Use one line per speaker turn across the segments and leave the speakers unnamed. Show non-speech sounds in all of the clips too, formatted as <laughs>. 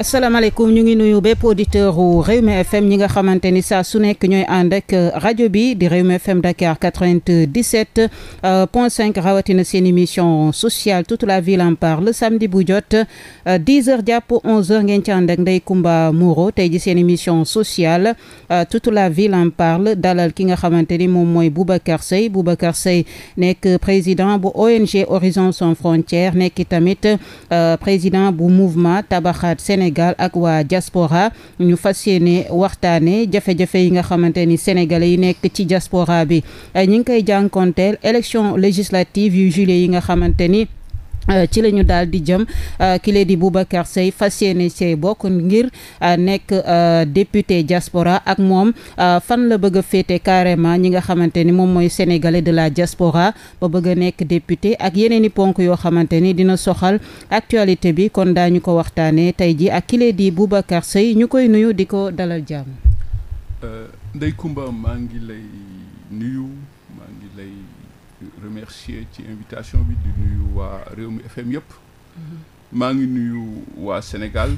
asalaamaaleykum ñu ngi nuyu bépp auditeur u Rewmi FM ñi nga xamante ni saa su nekk ñooy ànd euh, rajo bi di Rewmi FM Dakar quatre-vingt-dix-sept euh, point cinq rawatina seen émission sociale toute la ville en parle samedi bu jot euh, dix heures jàpp onze heures ngeen ci ànd ak Ndeye Comba Moreau tey ji seen émission sociale toute la ville en parle dalal ki nga xamante ni moom mooy Boubacar Seye Boubacar Seye nekk président bu ONG Horizon Sans Frontières nekk tamit président bu mouvement tabaxaat Sénégal Sénégal ak waa jaspora ñu fas yéene waxtaane jafe-jafe yi nga xamante ni sénégal yi nekk ci diaspora bi ñi ngi koy jànkonteel élection législative yu juillet yi nga xamante ni Euh, ci la ñu daal di jëm euh, ki lee di Boubacar Seye fas yéene Seye bokk ngir euh, nekk député diaspora ak moom fan la bëgg a féete carrément ñi nga xamante ni moom mooy sénégalais de la diaspora ba bëgg a nekk député ak yeneen i ponk yoo xamante ni dina soxal actualité bi kon daañu ko waxtaanee tey ji ak ki lee di Boubacar Seye ñu koy nuyu di ko dalal jàmm.
remercier ci invitation bi di nuyu waa réew mi FM yëpp mhm. maa ngi nuyu waa Sénégal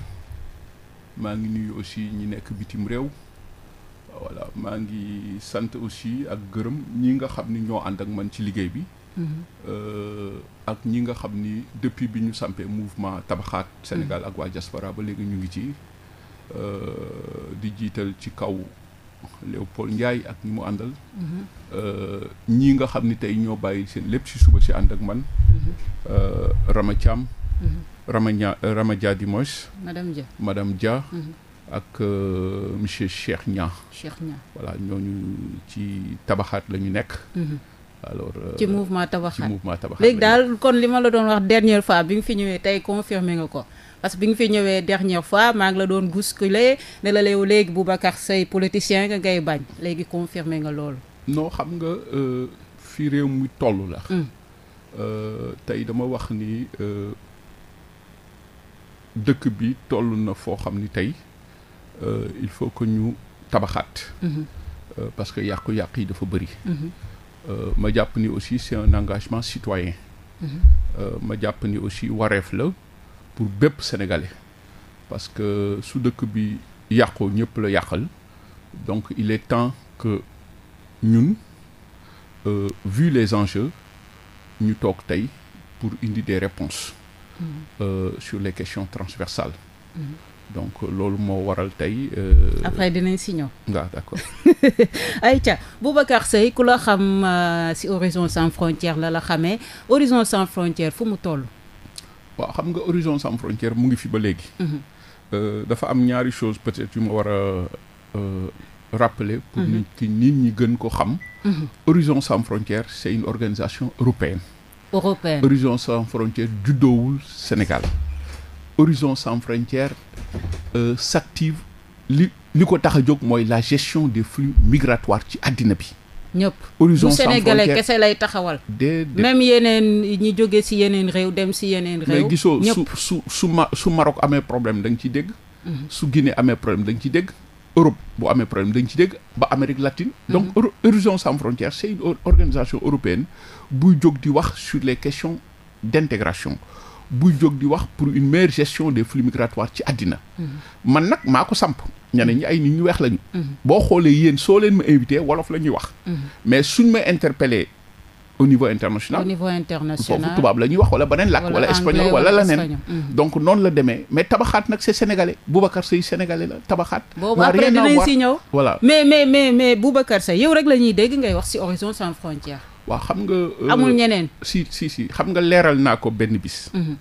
maa ngi nuyu aussi ñi nekk bitim réew voilà maa ngi sant aussi ak gërëm ñi nga xam ni ñoo ànd ak man ci liggéey bi mhm. euh, ak ñi nga xam ni depuis bi ñu sampee mouvement tabaxaat Sénégal mhm. ak waa diaspora ba léegi ñu ngi ci euh, di jiital ci kaw Léopold Ndiaye ak ñi mu àndal. Mhm. Euh, ñii nga xam ni tey ñoo bàyyi seen lépp si suba si ànd ak man. Mhm. Euh, Rama Thiam. Mhm. Euh, Rama Dia Rama Dia Dimoche. madame Dia madame Dia. ak monsieur Cheikh Niang. Cheikh Niang voilà ñooñu ci tabaxaat la ñu nekk. alors ci mouvement tabaxaat ci mouvement tabaxaat léegi daal
kon li ma la doon wax dernière fois bi nga fi ñëwee tey confirmé nga ko. parce que bi nga fi ñëwee dernière fois maa la doon bousculer ne la léew léegi Boubacar Seye politicien nga ngay léegi confirmer nga loolu
non xam nga euh, fi réew mi toll la hmm. euh, tey dama wax ni euh, dëkk bi toll na foo xam ni tey il faut que ñu tabaxaat que yàqu-yàq yi dafa bëri ma jàpp ni aussi c'est un engagement citoyen ma jàpp ni aussi wareef la pour bépp sénégalais parce que su dëkk bi yàqoo ñëpp la yàqal donc il est temps que ñun euh, vu les enjeux ñu toog tey pour indi des réponses mm-hmm. euh, sur les questions transversales mm-hmm. donc loolu moo waral tey. Euh, après dinañ si ñëw. waaw d' accord.
ayca <laughs> Boubacar Seye ku la xam euh, si Horizon Sans Frontières la la xamee Horizon Sans Frontières fu mu toll.
waaw xam nga horizon sans frontière mu ngi fi ba léegi. Mhm. Euh, dafa am ñaari chose peut-être yu ma war a euh, rappeler. pour mhm. nit ñi gën ko xam. Mhm. horizon sans frontière c'est une organisation européenne. européenne horizon sans frontière juddoowul Sénégal. horizon sans frontière euh, s'active li li ko tax a jóg mooy la gestion des flux migratoires ci àddina bi. ñëpp horizon sans frontières sénégalais kese
lay taxawal. déedéet yeneen ñi jóge si yeneen réew dem si yeneen. réew mais gisoo su
su su ma su Maroc amee problème da nga ciy dégg. Mhm. su Guinée amee problème da nga ciy dégg. Europe bu amee problème da ci dégg ba Amérique latine. Mhm. donc Horizon sans frontières c' une organisation européenne buy jóg di wax sur les questions d' intégration. buy jóg di wax pour une meilleure gestion des flux migratoires ci àddina man nag maa ko samp ñeneen ñi ay nit ñu weex lañu mhm. boo xoolee yéen soo leen ma invité wolof la ñuy wax mhm. mais suñ ma interpellé au niveau international au
niveau international foofu tubaab
la ñuy wax wala beneen làkk wala espagnol wala leneen mhm. donc la demee mais tabaxaat nag c'est sénégalais Boubacar Seye sénégalais la tabaxaat boobu après dinañ si ñëw voilà
mais mais mais mais Boubacar Seye yow rek la ñuy dégg ngay wax si Horizon Sans Frontières
waa xam nga. Euh, amul ñeneen si si si nga leeral naa ko benn bis. Mhm.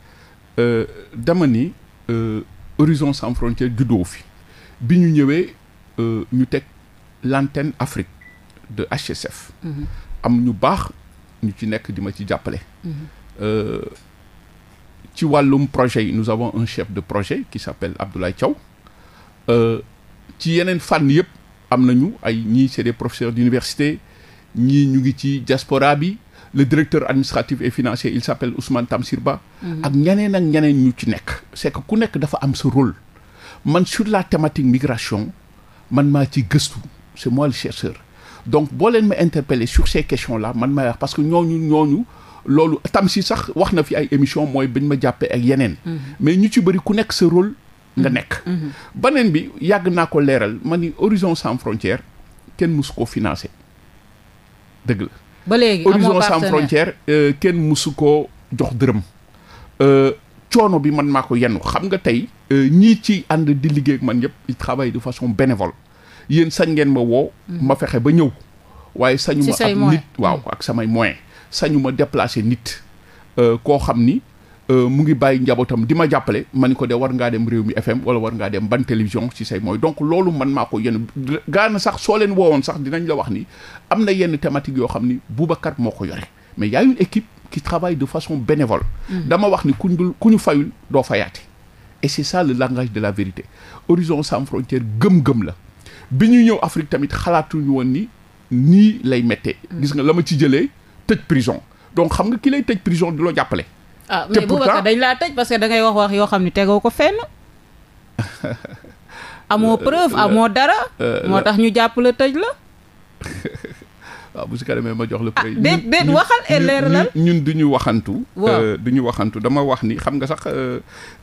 Euh, dama ni euh, Horizon sans frontières juddoo fi bi ñu ñëwee ñu teg l'antenne Afrique de HSF. Mhm. am ñu baax ñu ci nekk di ma ci jàppale. Mhm. ci wàllum projet yi nous avons un chef de projet qui s'appelle Abdoulaye Thiaw ci yeneen fànn yëpp am nañu ay ñii c'est des professeurs d'université ñii ñu ngi ci diaspora bi le directeur administratif et financier il s'appelle Ousmane Tamsir Ba mhm. ak ñeneen ak ñeneen ñu ci nekk c'est que ku nekk dafa am sa rôle man sur la thématique migration man maa ci gëstu c'est moi le chercheur donc boo leen ma interpeller sur ces question la man maa wax parce que ñooñu ñooñu loolu tam si sax wax na fi ay émission mooy bañ ma jàppee ak yeneen mhm. mais ñu ci bëri ku nekk sa rôle nga mhm. nekk beneen bi yàgg naa ko leeral ma ni Horizon sans kenn mësu koo financé dëgg la
ba léegi horizon sans frontière
euh, kenn mosu koo jox dërëm euh, coono bi man maa ko yenn xam nga tey euh, ñii ci ànd di liggéey ak man yëpp ils travaillent de façon bénévole yéen sañ ngeen ma woo mm. ma fexe ba ñëw waaye sañu ma ak nit waaw ak samay moyen sañu ma déplacer nit koo xam ni Euh, mu ngi bàyyi njabootam di ma jàppale ma ni ko dee war ngaa dem réew mi FM wala war ngaa dem ban télévision ci say mooy donc loolu man maa ko yenn gaana sax soo leen woowoon sax dinañ la wax ni am na yenn thématique yoo xam ni Boubacar moo ko yore mais y a une équipe qui travaille de façon bénévole mm. dama wax ni kuñ dul ku ñu fayul doo fayaate et c'est ça le langage de la vérité Horizon sans frontières gëm-gëm la bi ñuy ñëw Afrique tamit xalaatuñu woon ni nii lay méttee mm. gis nga la ma ci jëlee tëj donc xam nga ki lay tëj prison loo jàppale
ah mais Boubacar dañ laa tëj parce que da ngay wax wax yoo xam ne tegoo ko fenn
<laughs>
amoo euh, preuve euh, amoo dara euh, moo tax ñu jàpp la tëj la
<laughs> waaw bu si kanamee ma jox la ah, preuve déet déet waxal et leeralal ñun du ñu waxantu du ñu waxantu dama wax ni xam nga sax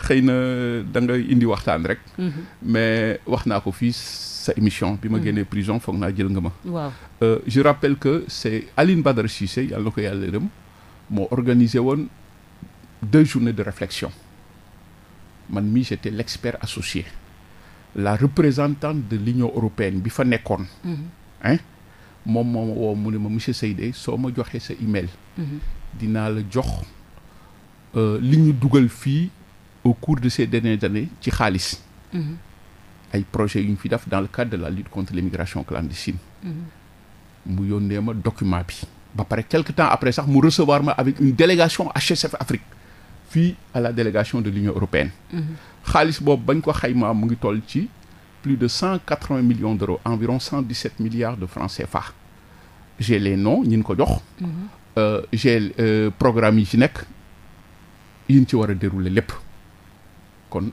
xëy na da nga indi waxtaan rek mhm. mais wax naa ko fii sa émission bi ma mhm. génnee prison foog naa jël nga ma waaw je rappelle que c'est Aline Badara Cissé yàlla na ko yàlla yërëm moo organisé woon deux journées de réflexion man mii j'étais l'expert associé la représentante de l'Union européenne bi fa nekkoon mm-hmm. hein moom moom woo mu ne ma monsieur Seyde soo ma joxee sa email mm-hmm. dinaa la jox euh, li ñu dugal fii au cours de ces dernières années ci xaalis mm-hmm. ay projets yu ñu fi def dans le cadre de la lutte contre l'immigration clandestine mu yónnee ma document bi ba pare quelque temps après sax mu recevoir ma avec une délégation HSF Afrique fii à la délégation de l'Union européenne xaalis boobu bañ ko xaymaa mu ngi toll ci plus de cent quatre-vingts millions d'euros environ cent dix-sept milliards de francs CFA j'ai les noms ñin ko jox euh, j'ai euh, programme yi ci nekk yin ci war a dérouler lépp kon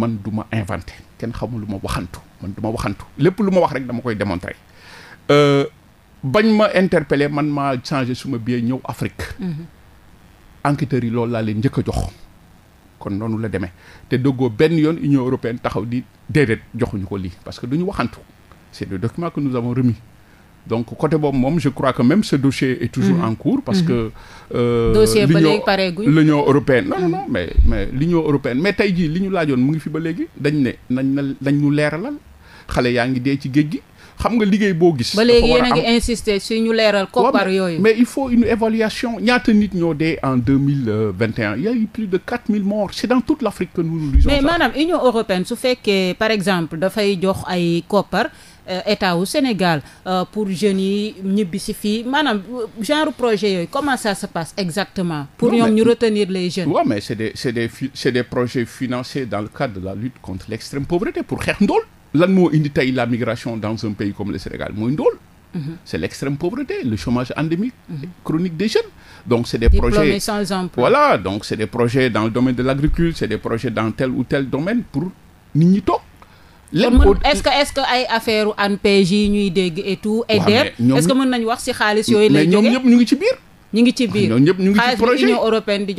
man du ma inventé kenn xamul lu ma waxantu man du ma waxantu lépp lu ma wax rek dama koy démontrer euh, bañ ma interpeller man maa changé suma billet ñëw Afrique enquêteurs yi loolu laa leen njëkk jox kon noonu la demee te dëggoo benn yoon Union européenne taxaw di déedéet joxuñu ko lii parce que duñu waxantu c'est le document que nous avons remis donc côté boobu moom je crois que même ce dossier est toujours mmh. en cours parce mmh. que euh, dossier ba léegi
pareegul l'union
européenne non non non mm-hmm. mais mais l'union européenne mais tey jii li ñu laajoon mu ngi fi ba léegi dañ ne nañ na dañ ñu leeralal xale yaa ngi dee ci géej gi xam nga liggéey boo gis. dafa war ba léegi yéen a ngi
insister si ñu leeral koppar yooyu. mais
il faut une évaluation ñaata nit ñoo dee en deux mille euh, vingt et un il y a eu plus de quatre mille morts c' dans toute l' que nous nous disons mais
maanaam Union européenne su fekkee par exemple dafay jox ay koppar. Euh, état wu Sénégal euh, pour jeunes yi ñibbi si fii maanaam genre projet yooyu comment ça se passe exactement. pour ñoom ñu retenir les jeunes. waaw
mais c' des projets financés dans le cadre de la lutte lan moo indi tey la migration dans un pays comme le Sénégal mooy ndóol mhm. c'est l'extrême pauvreté le chômage endémique mhm. chronique des jeunes donc c'est des projets voilà donc c'est des projets dans le domaine de l'agriculture c'est des projets dans tel ou tel domaine pour nit ñi toog lépp
est que est-ce que ay affaire ANPEJ yi ñuy dégg et tout. et DER est-ce que mën nañu wax ci xaalis yooyu. lay jógee mais ñoom ñëpp ñu ngi ci biir. ñu ngi ci ah, biir ñoom
ñëpp ñu ngi ci projet xaalis Union européenne di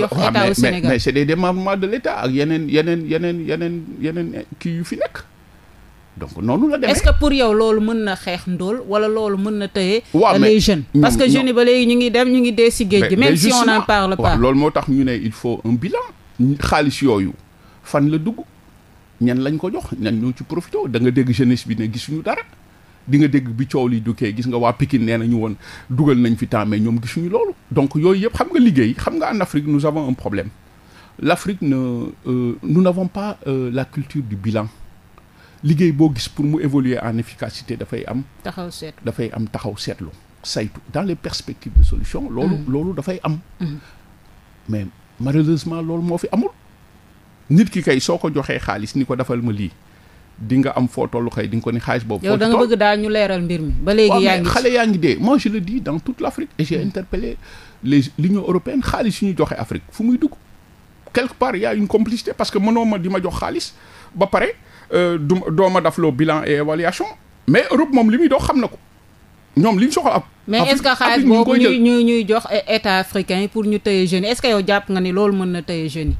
c'est des démembrements de l'État ak yeneen yeneen yeneen yeneen yeneen yu fi nekk. donc noonu la demee. est-ce
que pour yow loolu mën na xeex ndóol wala loolu mën na tëye. waaw les jeunes parce que jeunes yi ba léegi ñu ngi dem ñu ngi dee si géej gi. même si on n'en parle pas
loolu moo tax ñu ne il faut un bilan. xaalis yooyu fan la dugg ñan lañ ko jox ñan ñoo ci profité da nga dégg jeunesse bi ne gisuñu dara di nga dégg bi coow li dukkee gis nga waa Pikine nee nañu woon dugal nañ fi temps mais ñoom suñu loolu. donc yooyu yëpp xam nga liggéey xam nga en Afrique nous avons un problème l'Afrique ne euh, nous n'avons pas euh, la culture du bilan. liggéey boo gis pour mu évoluer en efficacité dafay am. taxaw seetlu dafay am taxaw seetlu saytu dans les perspectives de solution. loolu mm. loolu dafay am. Mm-hmm. mais malheureusement loolu moo fi amul. nit ki kay soo ko joxee xaalis ni ko defal ma lii di nga am foo tollu xëy di ko ni xaalis boobu. yow da nga
bëgg daal ñu leeral mbir mi. ba léegi yaa ngi xale
yaa ngi dee moi je le dis dans toute l' Afrique. et j'ai mm. interpellé les l'Union européenne xaalis yu ñu joxe Afrique fu muy dugg. quelque part a une complicité parce que mënoo ma di ma jox xaalis ba pare. Euh, du dooma daf loo bilan et évaluation mais Europe moom li muy dox xam na ko ñoom li ñu soxla ab.
mais est-ce que xaalis boobu ñuy ñuy ñuy jox état africain yi pour ñu téye jeunes yi est-ce que yow jàpp nga ni loolu mën na téye jeunes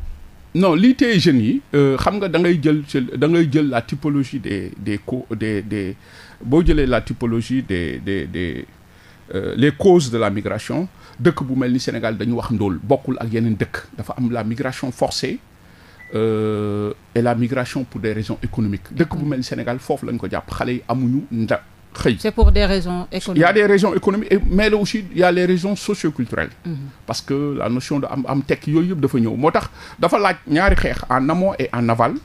yi. non lii téye jeunes yi euh, xam nga dangay jël da ngay jël la typologie des des co des des boo jëlee la typologie des des des euh, les causes de la migration dëkk bu mel ni Sénégal dañu wax ndóol bokkul ak yeneen dëkk dafa am la migration forcée. euh, et la migration pour des raisons économiques dëkk bu mel ni Sénégal foofu lañ ko jàpp xale yi amuñu nda xëy.
c'est pour des raisons économiques. il
des raisons économiques et mais aussi il y a les raisons socioculturelles. Mm-hmm. parce que la notion de am am tekki yooyu yëpp dafa ñëw moo tax dafa laaj ñaari xeex en amont et en aval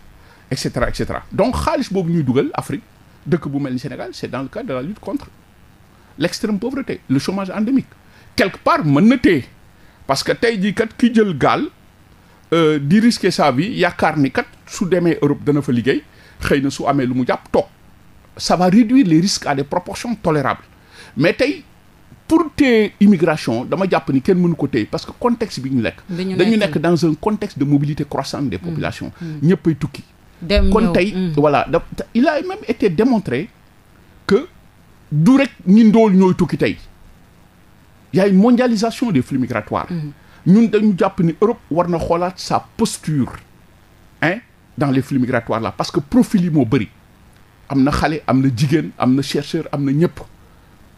et cetera et cetera donc xaalis boobu ñuy dugal Afrique dëkk bu mel ni Sénégal c'est dans le cadre de la lutte contre l'extrême pauvreté le chômage endémique quelque part mën na téye parce que tey jii kat ki jël gaal. Euh, di risquer sa vie yaakaar ni kat su demee Europe dana fa liggéey xëy na su amee lu mu jàpp toog ça va réduire les risques à des proportions tolérables mais tey pour téye immigration dama jàpp ni kenn mënu ko téye parce que contexte bi ñu nekk dañu nekk dans un contexte de mobilité croissante des mm. populations mm. mm. ñëppay tukki
kon tey
voilà da il a même été démontré que du rek ñi ndool ñooy tukki tey y a mondialisation des flux migratoires ñun dañu jàpp ni Europe war na xoolaat sa posture hein dans les flux migratoires là parce que profil yi moo bëri am na xale am na jigéen am na chercheur am na ñëpp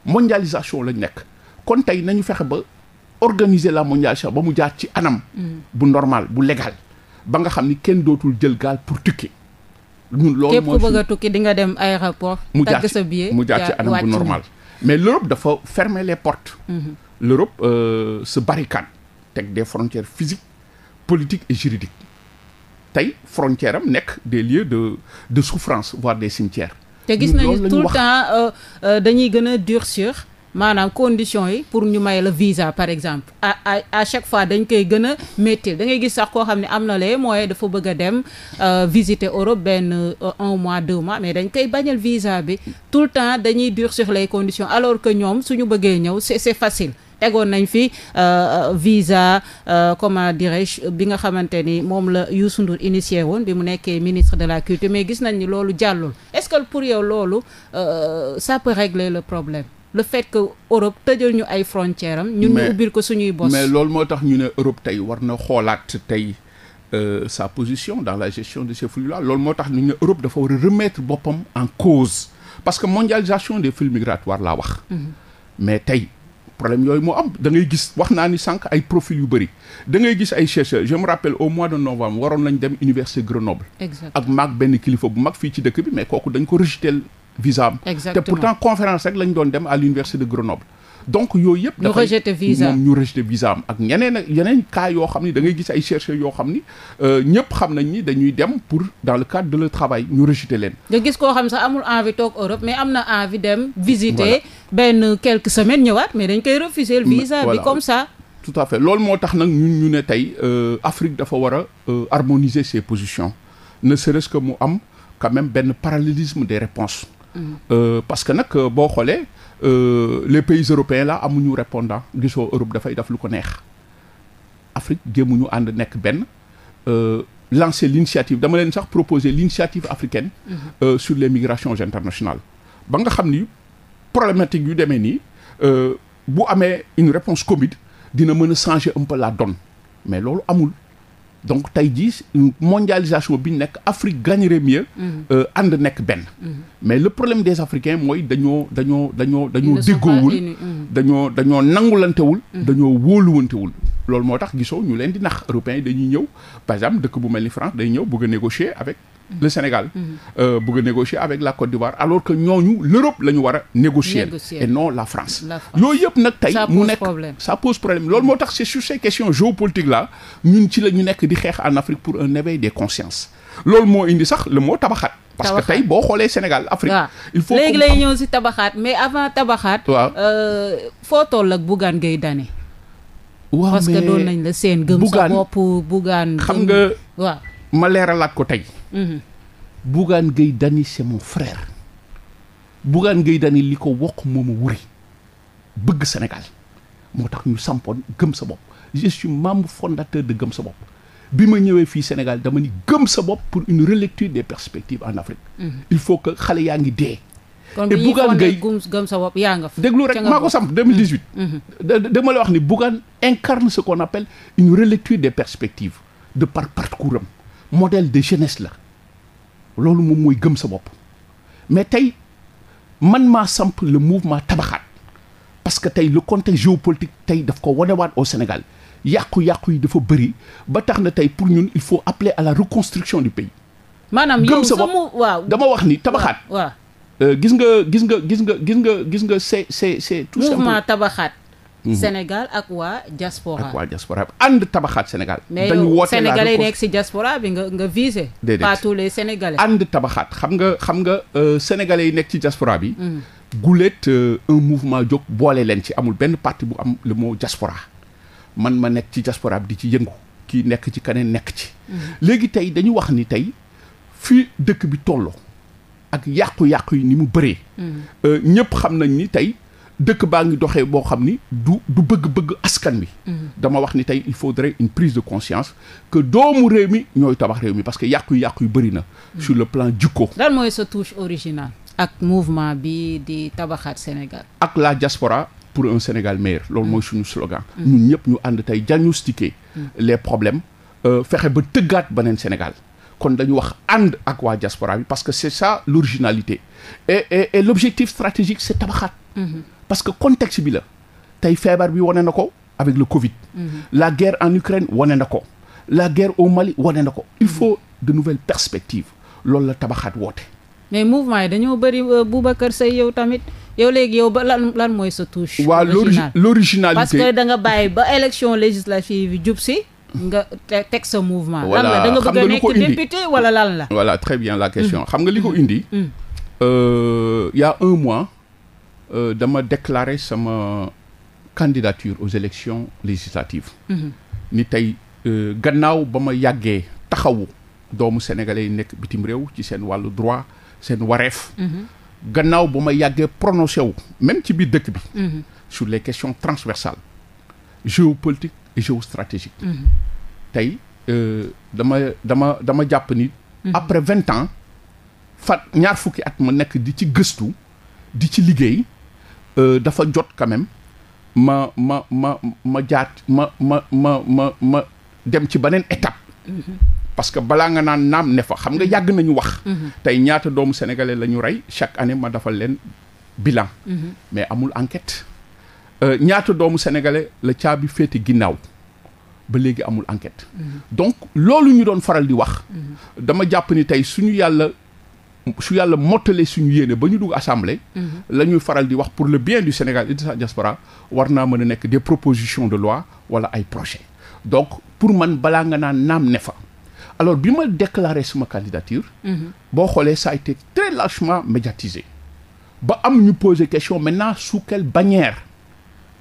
mondialisation lañ nekk kon tey nañu fexe ba organiser la mondialisation ba mu jaar ci anam mm. bu normal bu legal ba nga xam ni kenn dootul jël gaal pour tukki ñun loolu képp ku bëgg
tukki di nga dem aéroport mu tàgg sa billet mu jaar ci anam bu
mais l'Europe dafa fermer les porte mm-hmm. l'Europe euh, se barricade teg des frontières physiques politiques et juridiques tey frontière am nekk des lieux de de souffrance voire des cimetières.
te gis nañu tout le temps euh, euh, dañuy gën a durcir maanaam conditions yi pour ñu may la visa par exemple à chaque fois dañ koy gën a métti da gis sax koo xam ne am na les moyens dafa bëgga a dem euh, visiter Europe benn un mois de mois mais dañ koy bañal visa bi tout le temps dañuy durcir les condition alors que ñoom suñu bëggee ñëw c'est c'est tegoon nañ fi euh, euh, visa euh, comment dirais bi nga xamante ni moom la Youssou Ndour initié woon bi mu nekkee ministre de la culture mais gis nañ ni loolu jàllul est-ce que pour yow loolu ça peut régler le problème le fait que Europe tëjal ñu ay frontières am. ñu ubbil ko suñuy bos. loolu
moo tax ñu ne Europe tey war na xoolaat tey. Euh, sa position dans la gestion de ces flux-là loolu moo tax ñu ne Europe dafa war a remettre boppam en cause parce que mondialisation des flux migratoires laa wax. Mhm. mais tey problème yooyu moo am da ngay gis wax naa ni sànq ay profil yu bëri da ngay gis ay chercheurs je me rappelle au mois de novembre waroon nañ dem université Grenoble ak maag benn kilifa bu mag fii ci dëkk bi mais kooku dañ ko rejeté visa am te pourtant conférence rek lañu doon dem à l'université de Grenoble donc yooyu yëpp. ñu rejeté visa moom ñu rejeté visa am ak ñeneen ak yeneen cas yoo xam ni da ngay gis ay chercheurs yoo xam ni euh, ñëpp xam nañ ni dañuy dem pour dans le cadre de le travail ñu rejeté leen.
nga gis koo xam sax amul envie toog Europe mais am na envie dem. visiter benn quelques semaine ñëwaat mais dañ koy refuser le visa bi comme ça.
tout à fait lool moo tax nag ñu ñu ne tey euh, Afrique dafa war a euh, harmoniser ses positions ne serait-ce que mu am quand même benn parallélisme des réponses Euh, parce que nag euh, boo xoolee euh, les pays européens là amuñu répondant gisoo Europe dafay def lu ko neex Afrique jéemuñu ànd nekk benn lancer l'initiative dama leen sax proposer l'initiative africaine mm-hmm. sur les migrations internationales ba nga xam ni problématique yu demee nii bu amee une réponse commune dina mën a changer un peu mais loolu amul donc tey jii mondialisation bi nekk Afrique gagnerait mieux. Mhm. Euh, ànd nekk benn. Mhm. mais le problème des Africains mooy dañoo dañoo dañoo dañoo déggoowul. Mhm. dañoo dañoo nangulantewul. dañoo wóoluwantewul. loolu moo tax gisoo ñu leen di nax européens yi dañuy ñëw par exemple dëkk bu mel ni France day ñëw bëgg a négocier avec. le Sénégal euh, bëgg a négocier avec la Côte d'Ivoire alors que ñooñu l'Europe la ñu war a négocier et non la France yooyu yëpp nag tey mu nekk ça pose problème loolu moo tax c'est sur ces questions géopolitiques ñu ñun ci la ñu nekk di xeex en Afrique pour un éveil des consciences loolu moo indi sax le moo tabaxaat parce que tey boo xoolee Sénégal Afrique waaw
il faut léegi lay ñëw si tabaxaat mais avant tabaxaat waaw euh, foo toll ak Bougane Gueye Dany
waaw parce que doon nañ la
seen gëm sa bopp Bougane xam nga waaw
ma leeralaat ko tey. Mhm. Bougane Gueye Dany c'est mon frère. Bougane Gueye Dany li ko wokk mooma wuri bëgg Sénégal moo tax ñu sampoon gëm sa bopp je suis membre fondateur de gëm sa bopp bi ma ñëwee fii Sénégal dama ni gëm sa bopp pour une relecture des perspectives en Afrique. Mhm. il faut que xale yaa ngi dee.
kon bi ñuy fondé gëm sa bopp yaa nga fa. déglu rek maa ko samp
mhm. dama la wax ni Bougane incarne ce qu'on appelle une relecture des perspectives de par parcours am. modèle de jeunesse la loolu moom mooy gëm sa bopp mais tey man maa samp le mouvement tabaxaat parce que tey le contexte géopolitique tey daf ko wanewaat au Sénégal yàqu-yàqu yi dafa bëri ba tax na tey pour ñun il faut appeler à la reconstruction du pays.
maanaam yow sa bopp waaw dama wax
ni tabaxaat. waaw euh, gis nga gis nga gis nga gis nga gis nga c'est c'est c'est tout simplement
tabaxaat. Mhm. Sénégal ak waa diaspora ak waa
diaspora ànd tabaxaat Sénégal. mais dañu woote la sénégalais nekk si
diaspora bi nga nga visé. déedéet pas tous les sénégalais.
ànd tabaxaat xam nga xam nga euh, sénégalais yi nekk ci diaspora bi. Mhm. gulet euh, un mouvement jóg boole leen ci amul benn parti bu am lu mot diaspora man ma nekk ci diaspora bi di ci yëngu ki nekk ci keneen nekk ci. Mhm. léegi tey dañu wax ni tey fi dëkk bi tolloo ak yàqu-yàqu yi ni mu bëree. Euh, ñëpp xam nañ ni tey. dëkk baa ngi doxee boo xam ni du du bëgg-bëgg askan wi. Mm-hmm. dama wax ni tey il faudrait une prise de conscience que doomu réew mi ñooy tabax réew mi parce que yàqu-yàqu yu bëri na. Mm-hmm. sur le plan jikko.
lan mooy sa touche originale. ak mouvement bi di tabaxaat Sénégal.
ak la diaspora pour un Sénégal meilleur. loolu mooy mm-hmm. suñu slogan. ñun ñëpp ñu ànd tey diagnostiquer. les problèmes euh, fexe ba tëggaat beneen Sénégal. kon dañu wax ànd ak waa diaspora bi parce que c'est ça l'originalité et l'objectif stratégique c'est parce que contexte bi la tey feebar bi wane na ko avec le Covid. Mm -hmm. la guerre en Ukraine wane na ko. la guerre au Mali wone na ko. il mhm. faut de nouvelles perspectives loolu la tabaxaat woote.
mais mouvement yi dañoo bëri euh, Boubacar Seye yow tamit yow léegi yow ba lan lan mooy sa touche. waaw
l'originalité parce que da
nga bàyyi ba élection législative yi jub si. nga teg sa mouvement. lan la da nga bëgg a nekk député wala lan la.
voilà très bien la question mm. xam nga li ko mm. indi. Mm. Euh, il Euh, dama déclarer sama candidature aux élections législatives mhm. ni tey euh, gannaaw ba ma yàggee taxawu doomu sénégalais yi nekk bitim réew ci seen wàllu droit seen wareef mhm. gannaaw ba ma yàggee prononcé wu ci biir dëkk bi mhm. sur les questions transversales géopolitique et géostratégique tey euh, dama dama dama jàpp ni après vingt ans fat ñaar fukki at ma nekk di ci gëstu di ci liggéey Euh, dafa jot quand même ma ma ma ma jaat ma ma ma ma ma dem ci beneen étape. Mhm. parce que balaa nga naan naam ne fa xam nga mhm. yàgg nañu wax. Mhm. tey ñaata doomu sénégalais la ñu rey chaque année ma defal leen bilan. mais amul enquête. Euh, ñaata doomu sénégalais la caabi féete ginnaaw ba léegi amul enquête. donc loolu ñu doon faral di wax. dama jàpp ni tey suñu yàlla. su yàlla mottalee suñu yéene ba ñu dugg assemblée. Mhm. la ñuy faral di wax pour le bien du Sénégal et de sa diaspora war naa mën a nekk des proposition de loi wala ay projet donc pour man balaa nga naan naam ne fa alors bi ma déclaré suma candidature. Mhm. boo xoolee ça a été très largement médiatisé. ba am ñu poser question maintenant sous quelle bannière.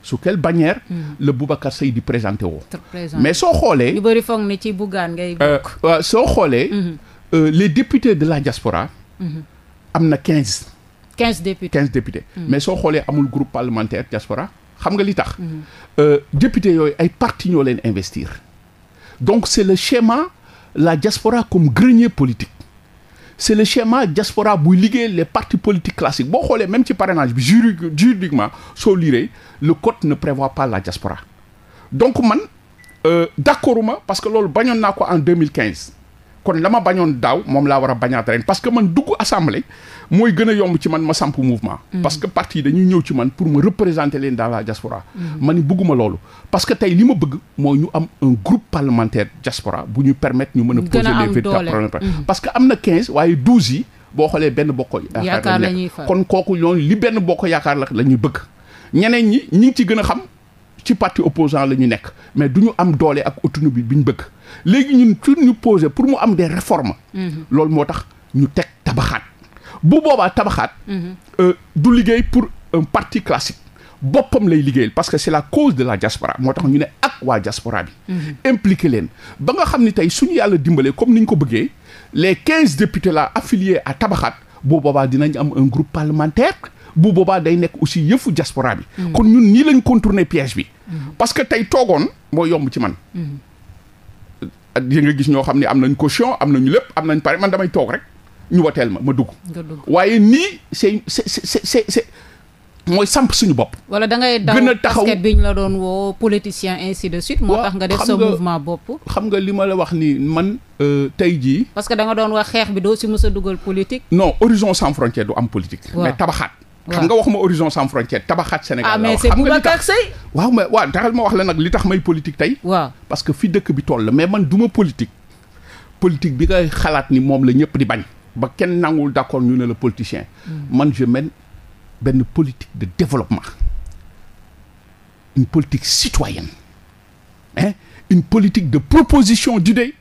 sous quelle bannière. Mhm. la Boubacar Seye di présenté woo.
mais soo xoolee. ñu bëri foog ne ci Bougane ngay
bokk. Euh, soo xoolee. Euh, les députés de la diaspora. Mm-hmm. am na quinze. quinze députés quinze députés. Mm-hmm. mais soo xoolee amul groupe parlementaire diaspora xam nga li tax. Mm-hmm. Euh, député yooyu ay parti ñoo leen investir. donc c' est le schéma la diaspora comme grenier politique. c' est le schéma diaspora buy liggéey les partis politiques classiques boo xoolee même ci parrainage bi juridiquement soo liree le code ne prévoit pas la diaspora donc man euh, d' accord parce que loolu bañoon naa ko en deux mille quinze kon la ma bañoon daaw moom laa war a bañaat ren parce que man dugg assemblée mooy gën a yomb ci man ma samp mouvement. Mm. parce que parti dañuy ñëw ci man pour ma représenter leen dans la diaspora. Mm. ma ni bëgguma loolu parce que tey li ma bëgg moo ñu am un groupe parlementaire diaspora bu ñu permettre ñu mën a. poser les véritables mm. parce que am na 15 waaye 12 yi boo xoolee benn bokk. yaakaar la ñuy far kon kooku ñoom li benn bokk yaakaar la la ñuy bëgg. ñeneen ñi ñi ngi ci gën a xam ci parti opposant la ñu nekk mais du ñu am doole ak autonomie bi ñu bëgg léegi ñun su ñu posé pour mu am des réformes mm-hmm. loolu moo tax ñu teg tabaxaat bu boobaa tabaxaat mm-hmm. euh, du liggéey pour un parti classique boppam lay liggéeyal parce que c'est la cause de la diaspora moo tax ñu ne ak waa diaspora bi mm-hmm. impliqué leen ba nga xam ni tey suñu yàlla dimbalee comme ni ñu ko bëggee les quinze députés la affiliés à tabaxaat bu boobaa dinañ am un groupe parlementaire bu boobaa day nekk aussi yëfu diaspora bi. kon ñun nii lañ contourner piège bi. parce que tey toogoon moo yomb ci man. di nga gis ñoo xam ne am nañ caution am nañu lépp am nañ pare man damay toog rek ñu wateel ma ma dugg. waaye nii c'est c'est se c'est mooy samp suñu bopp.
wala da ngay daw basket bi ñu la doon woo politicien ainsi de suite. moo tax nga def sa mouvement bopp.
xam nga li ma la wax ni man euh, tey jii.
parce que da doon wax xeex bi doo si mës a dugal politique.
non horizon sans frontière am politique. tabaxaat. xam nga waxuma horizon sans frontière tabaxaat Sénégal ah, la wax xam nga li tax waaw mais waaw taxal ma wax la nag li tax may politique tey waaw parce que fi dëkk bi toll mais man duma politique politique bi ngay xalaat ni moom la ñëpp di bañ ba kenn nangul d'accord ñu ne la politicien hmm. man je mène benn politique de développement une politique citoyenne hein une politique de proposition d'idées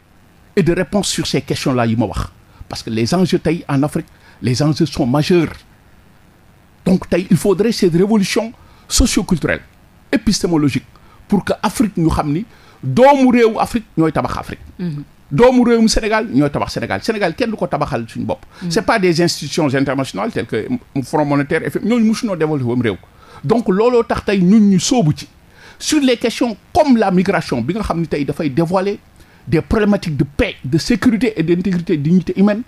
et de réponse sur ces questions-là yi ma wax parce que les enjeux tey en Afrique les enjeux sont majeurs donc tey il faudrait cette révolution socioculturelle épistémologique pour que Afrique ñu xam ni doomu réew Afrique ñooy tabax Afrique. Mhm. doomu réewum Sénégal ñooy tabax Sénégal Sénégal kenn du ko tabaxal suñu bopp. Mhm. c'est pas des institutions internationales telles que Fonds monétaire FM ñooñu mosuñoo développé wam réew. donc looloo tax tey ñun ñu soobu ci sur les questions comme la migration bi nga xam ni tey dafay dévoiler des problématiques de paix de sécurité et d'intégrité dignité humaine.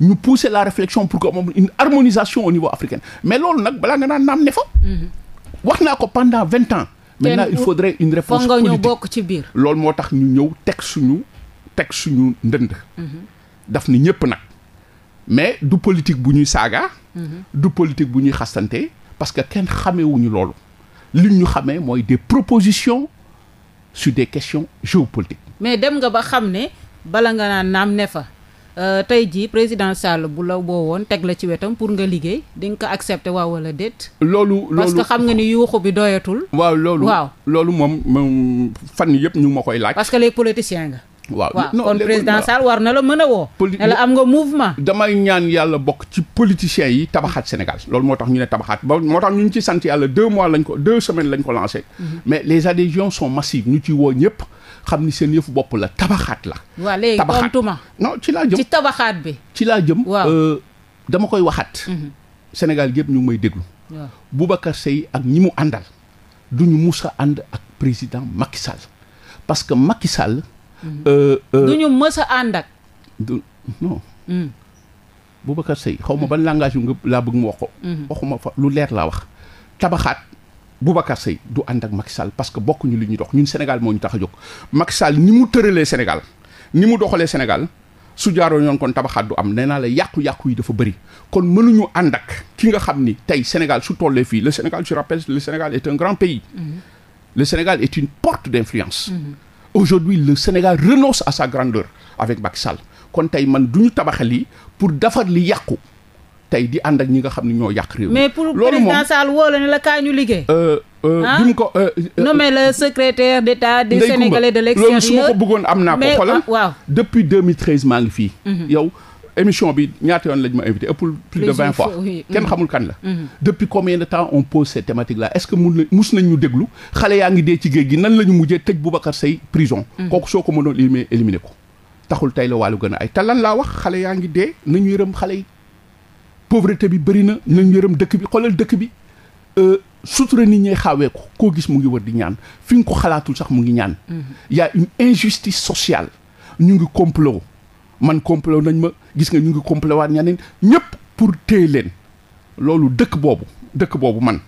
ñu pousser la réflexion pour que moom une harmonisation au niveau africain mais loolu nag balaa nga naan naam nefa mhm. wax naa ko pendant vingt ans. maintenant il faudrait une réponse politique nga ñëw
bokk ci biir.
loolu moo tax ñu ñëw teg suñu teg suñu ndënd. Mhm. daf ni ñëpp nag. mais du politique bu ñuy saaga. Mhm. du politique bu ñuy xastante parce que kenn xamewuñu loolu. li ñu xamee mooy des proposition sur des question géopolitiques.
mais dem nga ba xam ne bala nga naan naam ne fa. Euh, tey jii président Sall bu la woon teg la ci wetam pour nga liggéey di nga ko accepté waaw wala déet.
loolu loolu parce que xam nga ni yuuxu bi doyatul. waaw loolu waaw loolu moom fan yëpp ñu ma koy laaj. parce
que les politiciens nga.
waaw non kon président
Sall war na la mën a woo.
ne la am nga mouvement. damay ñaan yàlla bokk ci politiciens yi tabaxaat Sénégal loolu moo tax ñu ne tabaxaat ba moo tax ñu ngi ci sant yàlla deux mois lañ ko deux lancé. Mm-hmm. mais les adhésions sont massives ñu ci woo ñëpp. xam ni seen yëfu bopp la tabaxaat la.
waaw léegi tontuma ci laa jëm ci tabaxaat bi.
ci laa jëm. waaw euh, dama koy waxaat. Mhm. Sénégal yëpp ñu may déglu. waaw Boubacar ak ñi mu àndal du ñu mus ànd ak président makki Sall parce que makki Sall. Mhm. Euh, euh, du ñu
mës a ànd ak.
du sëy mm. Boubacar xaw ma ban langage nga laa bëgg mu wax ko. Mhm. waxuma fa lu leer laa wax tabaxaat. Boubacar Seye du ànd ak Macky Sall parce que bokkuñu li ñuy dox ñun Sénégal moo ñu tax a jóg Macky Sall ni mu tëralee Sénégal ni mu doxalee Sénégal su jaaroo yoon kon tabaxaat du am nee naa la yàqu-yàqu yi dafa bëri kon mënuñu ànd ak ki nga xam ni tey Sénégal su tollee fii le Sénégal je rappelle le Sénégal est un grand pays mmh. le Sénégal est une porte d'influence mmh. aujourd'hui le Sénégal renonce à sa grandeur avec Macky Sall kon tey man du ñu tabaxa pour defar li yàqu tey di ànd ak ñi nga xam ne ñoo yàq réew mais pour président Sall
woo la la kaa euh, euh, ah? euh, d'État des Sénégalais de l'extérieur loolu su ma ko
bëggoon am naa ko. mais ah, depuis maa ngi fii. Mhm. yow émission bi ñaata yoon lañ ma invité ëppul plus de vingt fois kenn xamul kan la mhm. depuis combien de temps on pose cette thématique là est-ce que na mus nañ ñu déglu xale yaa ngi dee ci géej gi nan la ñu mujjee tëj Boubacar Seye prison mhm. kooku soo ko mënoon éliminer ko taxul a pauvreté bi bëri na nañu yërëm dëkk bi xoolal dëkk bi euh, sutura nit ñee xawee ko koo gis mu ngi wër di ñaan fi nga ko xalaatul sax mu ngi ñaan mm-hmm. y a une injustice sociale ñu ngi complot man complot nañ ma gis nga ñu ngi complot waat ñeneen ñëpp pour téye leen loolu dëkk boobu dëkk boobu man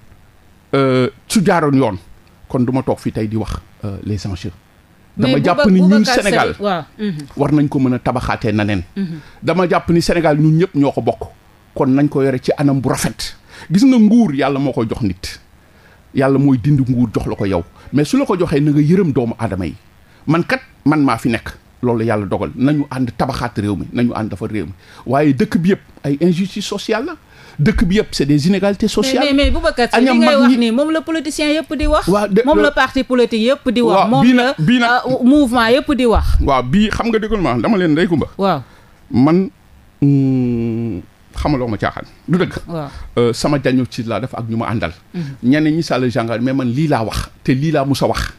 euh, su jaaroon yoon kon du toog fii tey di wax euh, les enjeux dama jàpp ni ñun Sénégal
mm-hmm.
war nañ ko mën a tabaxaate na neen mm-hmm. dama jàpp ni Sénégal ñun ñëpp ñoo ko bokk kon nañ ko yore ci anam bu rafet gis nga nguur yàlla moo ko jox nit yàlla mooy dindi nguur jox la ko yow mais su la ko joxee na nga yërëm doomu aadama yi man kat man maa fi nekk loolu yàlla dogal nañu ànd tabaxaat réew mi nañu ànd dafa réew mi waaye dëkk bi yëpp ay injustice sociale la dëkk bi yëpp c'est des inégalités sociales. mais mais
Boubacar si li ngay wax nii
moom la politicien
yëpp di wax. waaw moom la
parti politique yëpp di wax. moom la bii nag euh,
mouvement yëpp di
wax. waaw bii xam nga déggoon dama leen ndey kumba. waaw man. Hmm, xamaloo ma caaxaan du dëgg euh, sama diagnostic laa def ak ñu ma àndal mhm. ñenn ñi sàll gendarme mais man lii laa wax te lii laa musa wax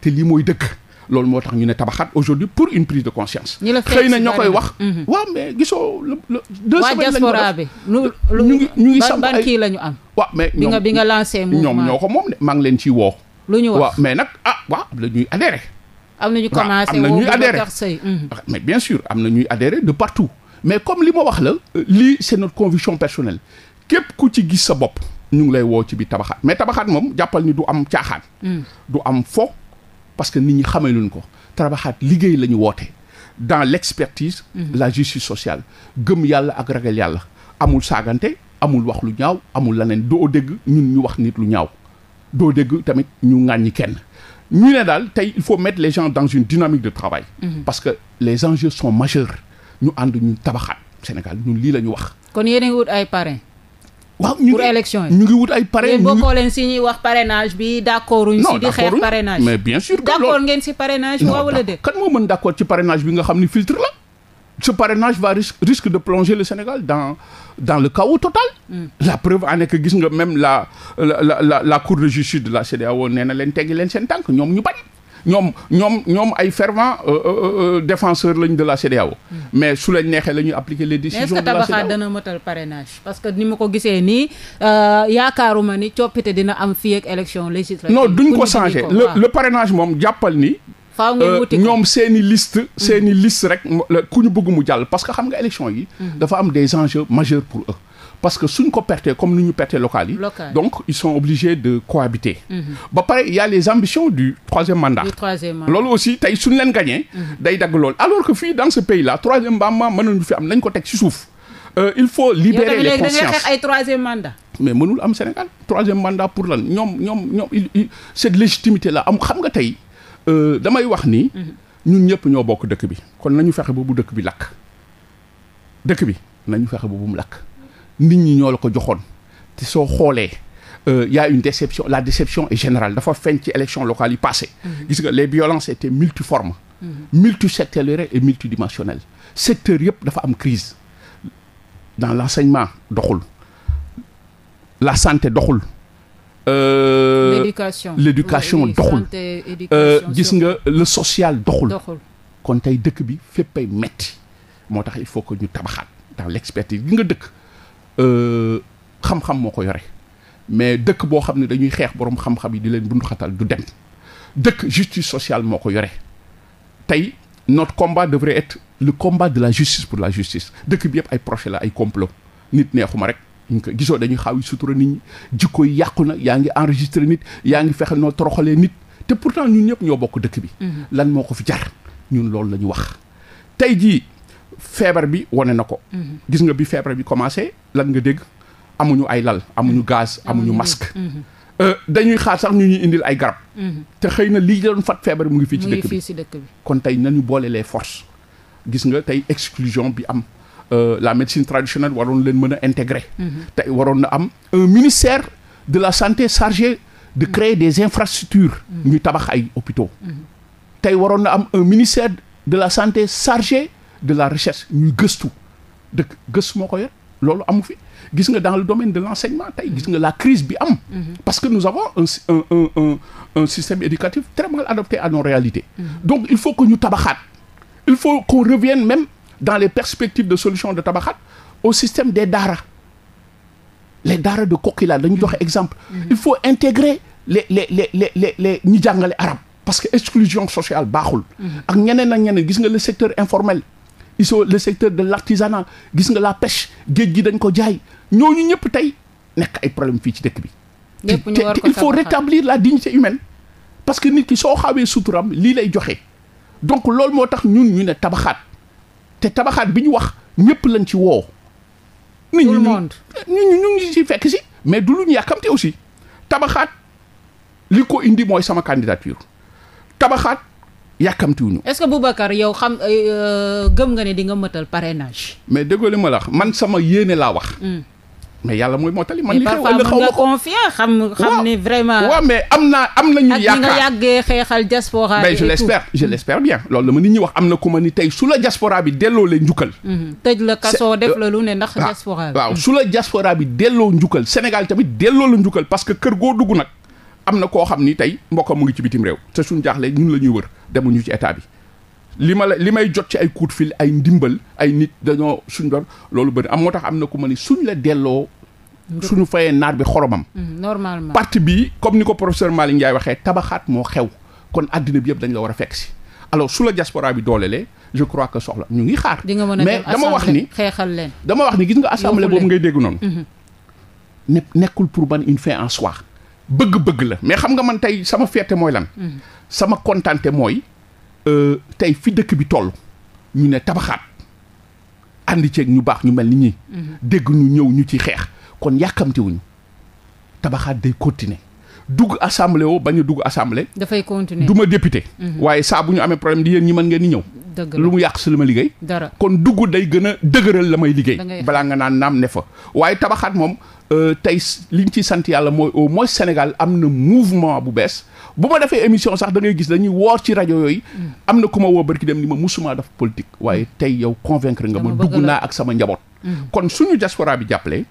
te lii mooy dëgg loolu moo tax ñu ne tabaxaat aujourd'hui pour une prise de conscience xëy na ñoo mhm. la ñu am waaw mais bi nga bi nga lancé ñoom ñoo ko moom de maa ngi leen ciy woo lu ñu wax mais nag ah waaw am na ñuy adhéré
am na ñu commencé am mhm.
mais bien sûr am na ñuy adhéré de partout mais comme li ma wax la lii c'est notre conviction personnelle képp ku ci gis sa bopp ñu ngi lay woo ci biir tabaxaat mais tabaxaat moom jàppal ni du am caaxaan hmm. du am foo parce que nit ñi xamee luñ ko tabaxaat liggéey la ñu woote dans l'expertise hmm. la justice sociale gëm yàlla ak ragal yàlla amul saagante amul wax lu ñaaw amul leneen doo dégg ñun ñu wax nit lu ñaaw doo dégg tamit ñu ŋàññi kenn ñu ne daal tey il faut mettre les gens dans une dynamique de travail hmm. parce que les enjeux sont majeurs ñu ànd ñun tabaxaat Sénégal ñun lii la ñu wax.
kon yéen a wut ay parrain. waaw ñu ngi pour élection yi ñu ngi wut ay parrain. ñu bokkoo leen si ñuy wax parrainage bi d' accord uñ si di xeex parrainage mais bien ngeen si parrainage waaw wala déet.
ci parrainage bi nga xam ni filtre la. ce parrainage va risque de plonger le Sénégal dans dans le chaos total. Mm. la preuve en est gis nga même la la la la cour de justice la CEDEAO nee na leen teggi leen seen tànk ñoom ñu bañ. ñoom ñoom ñoom ay fervent euh, euh, euh, défenseur lañ de la CEDEAO hmm. mais su lañ neexee la ñuy appliquer les décisions de la CEDEAO est-ce que
tabaxaat dana parce que ni ma ko gisee nii yaakaaruma ni coppite dina am fii ak élection no duñ ko changer le
parrainage moom jàppal ni faaw nga wuti ñoom seeni i liste hmm. seen liste rek ku ñu bëgg mu jàll parce que xam nga élection yi hmm. dafa am des enjeux majeurs pour eux parce que suñ ko pertee comme nu ñu pertee local yi donc ils sont obligés de cohabiter mm-hmm. ba pare il y a les ambitions du troisième mandat loolu aussi tey suñ leen gagné mm-hmm. day dagg lool alors que fii dans ce pays là troisième mandat mën nañu fi am nañ ko teg ci suuf euh, il faut libérer les consciences
ay troisième mandat
mais mënul am Sénégal troisième mandat pour lan ñoom ñoom ñoom il cette légitimité là am xam nga tey euh, damay wax ni mm-hmm. ñun ñëpp ñoo bokk dëkk bi kon nañu fexe ba bu dëkk bi lakk dëkk bi nañu fexe ba bu mu lakk nit ñi ñoo la ko joxoon te soo xoolee euh, yaa a une déception la déception est générale dafa feeñ ci élection locale yi passé mm-hmm. gis nga les violences étaient multiformes mm-hmm. multisectorielles et multidimensionnelles secteur yëpp dafa am crise dans l'enseignement doxul la santé doxul euh, l'éducation l'éducation doxul
euh, gis
nga le social doxul kon tey dëkk bi fépp metti moo tax il faut que ñu tabaxaat dans l'expertise nga dëkk Euh, xam-xam moo ko yore mais dëkk boo xam ne dañuy xeex borom xam-xam yi di leen bunduxatal du dem dëkk justice sociale moo ko yore tey notre combat devrait être le combat de la justice pour la justice dëkk bi yëpp ay projet la ay complot nit neexuma rek ñu ko gisoo dañuy xaaw yi sutura nit jikko yi yàqu na yaa ngi enregistré nit yaa ngi fexe noo toroxalee nit te pourtant ñun ñëpp ñoo bokk dëkk bi mm-hmm. lan moo ko fi jar ñun loolu la wax tey jii feebar bi wane na ko. Mhm. gis nga bi feebar bi commencé lan nga dégg amuñu ay lal amuñu mhm. gaz amuñu masque. Mhm. Euh, dañuy xaar sax ñu ñuy indil ay garab. te xëy na lii doon fat feebar mu ngi fii ci dëkk bi fii ci kon tey nañu boole les forces gis nga tey exclusion bi am euh, la médecine traditionnelle waroon leen mën a intégrer. tey waroon na am un ministère de la santé chargé de créer des infrastructures. ñuy tabax ay hôpitaux. tey waroon na am un ministère de la santé chargé. de la recherche ñuy gëstu dëkk gëstu moo ko yor loolu amu fi gis nga dans le domaine de l'enseignement tey gis nga la crise bi am mm-hmm. parce que nous avons un un un un système éducatif très mal adapté à nos réalité mm-hmm. donc il faut que ñu tabaxaat il faut qu'on revienne même dans les perspectives de solution de tabaxaat au système des daara les daara de Koki dañu joxe mm-hmm. exemple il faut intégrer les les les les les les ñi jàngale arab parce que exclusion sociale baaxul ak ñeneen ak ñeneen gis nga le secteur informel ils le secteur de l'artisanat gis nga la pêche géej gi dañ ko jaay ñooñu ñëpp tey nekk ay problème fii ci dëkk bi
te il faut rétablir
la dignité humaine parce que nit ki soo xawee suturam lii lay joxe donc loolu moo tax ñun ñu ne tabaxaat te tabaxaat bi ñu wax ñëpp lañ ci woo nit ñu ñu ñu ngi ci fekk si mais ñu lu ñu yàkkamte aussi tabaxaat li ko indi mooy sama candidature tabaxaat yàkkamtiwuñu.
est-ce que Boubacar yow xam euh, euh, gëm nga ne di nga mëtal parrainage.
mais déggoo li ma la man sama yéene laa wax. Hmm. mais yàlla mooy mottali man li xew ëllëg xaw ma ko
confiant xam xam ne vraiment. waaw mais am naa am nañu yaakaar ak ni nga yàggee xeexal diaspora mais je l'espère
je hmm. wax am na ku ni tey su la diaspora bi delloo leen njukkal.
Hmm. tëj la kasoo def euh, la lu ne ndax ah, diaspora bi. waaw
su la diaspora bi delloo njukkal Sénégal tamit delloo la njukkal parce que kër goo dugg nag. am na koo xam ni tey mbokkam mu ngi ci bitim réew te suñ jaaxle ñun la ñuy wër demuñu ci état bi li ma la li may jot ci ay coup de fil ay ndimbal ay nit dañoo suñ doon loolu bëri am moo tax am na ku ma ni suñ la delloo suñu fayee naar bi xoromam
mm, normalement parti
bi comme ni ko professeur Malick Ndiaye waxee tabaxaat moo xew kon addina bi yëpp dañ la war a fekk si alors su la diaspora bi doolelee je crois que soxla ñu ngi xaar mais dama wax ni xeexal leen dama wax ni gis nga assemblée boobu ngay dégg noonu mm-hmm. ne nekkul pour ban une fin en soi bëgg-bëgg la mais xam nga man tey sama fierté mooy lan. Mm-hmm. sama kontante mooy. Euh, tey fi dëkk bi toll ñu ne tabaxaat àndi ceeg ñu baax ñu mel ni ñii. Mm-hmm. dégg ñu ñëw ñu ci xeex kon yàkkamtiwuñu tabaxaat day continuer dugg assemblée woo bañ a dugg assemblée.
dafay continuer du ma
député. Mm-hmm. waaye saa bu ñu amee problème di yéen ñi mën ngeen di ñëw. lu mu yàq si li ma liggéey. dara kon dugg day gën a dëgëral la may liggéey. balaa nga naan naam ne fa waaye tabaxaat moom. Euh, tey li ñu ciy sant yàlla mooy au moins Sénégal am na mouvement bu bees bu ma defee émission sax da ngay gis dañuy woor ci rajo yooyu. Mm. am na ku ma woo barki dem ni ma musuma def politik waaye mm. tey yow convaincre nga ma dugg naa ak sama njaboot. Mm. kon su suñu diaspora bi jàppale.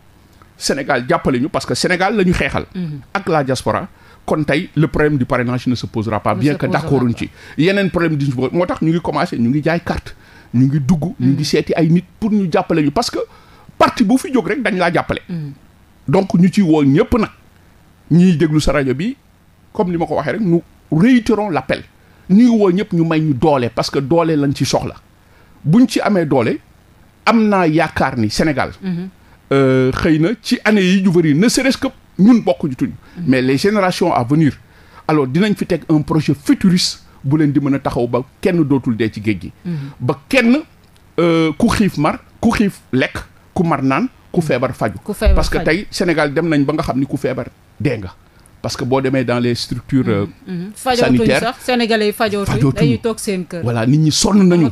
Sénégal jàppale ñu parce que Sénégal la ñu xeexal. ak la diaspora. kon tey le problème du parrainage ne se posera pas. bien que d'accorduñ ci yeneen problème du moo tax ñu ngi commencé ñu ngi jaay carte. ñu ngi dugg ngi seeti ay nit pour ñu jàppale ñu parce que parti bu fi jóg rek dañ laa jàppale. donc ñu ci woo ñëpp nag ñiy déglu sa rajo bi comme ni ma ko waxee rek nous réitérons l'appel ñuy woo ñëpp ñu may ñu doole parce que doole lañ ci soxla bu ñu ci amee doole am naa yaakaar ni Sénégal. Mhm. Euh, xëy na ci année yi ñu bëri ne serait-ce ñun bokk ñu tuñ mhm. mais les génération à venir alors dinañ fi teg un projet futuriste bu leen di mën a taxaw ba kenn dootul dee ci géej gi. Mhm. ba kenn euh, ku xiif mar ku xiif lekk ku mar naan. ku feebar faju parce que tey Sénégal dem nañ ba nga xam ni ku feebar dee nga parce que boo demee dans les structures euh,
mm-hmm. Mm-hmm. sanitaires sax sénégalais yi fajootuñ dañuy toog seen kër
nit ñi sonn nañu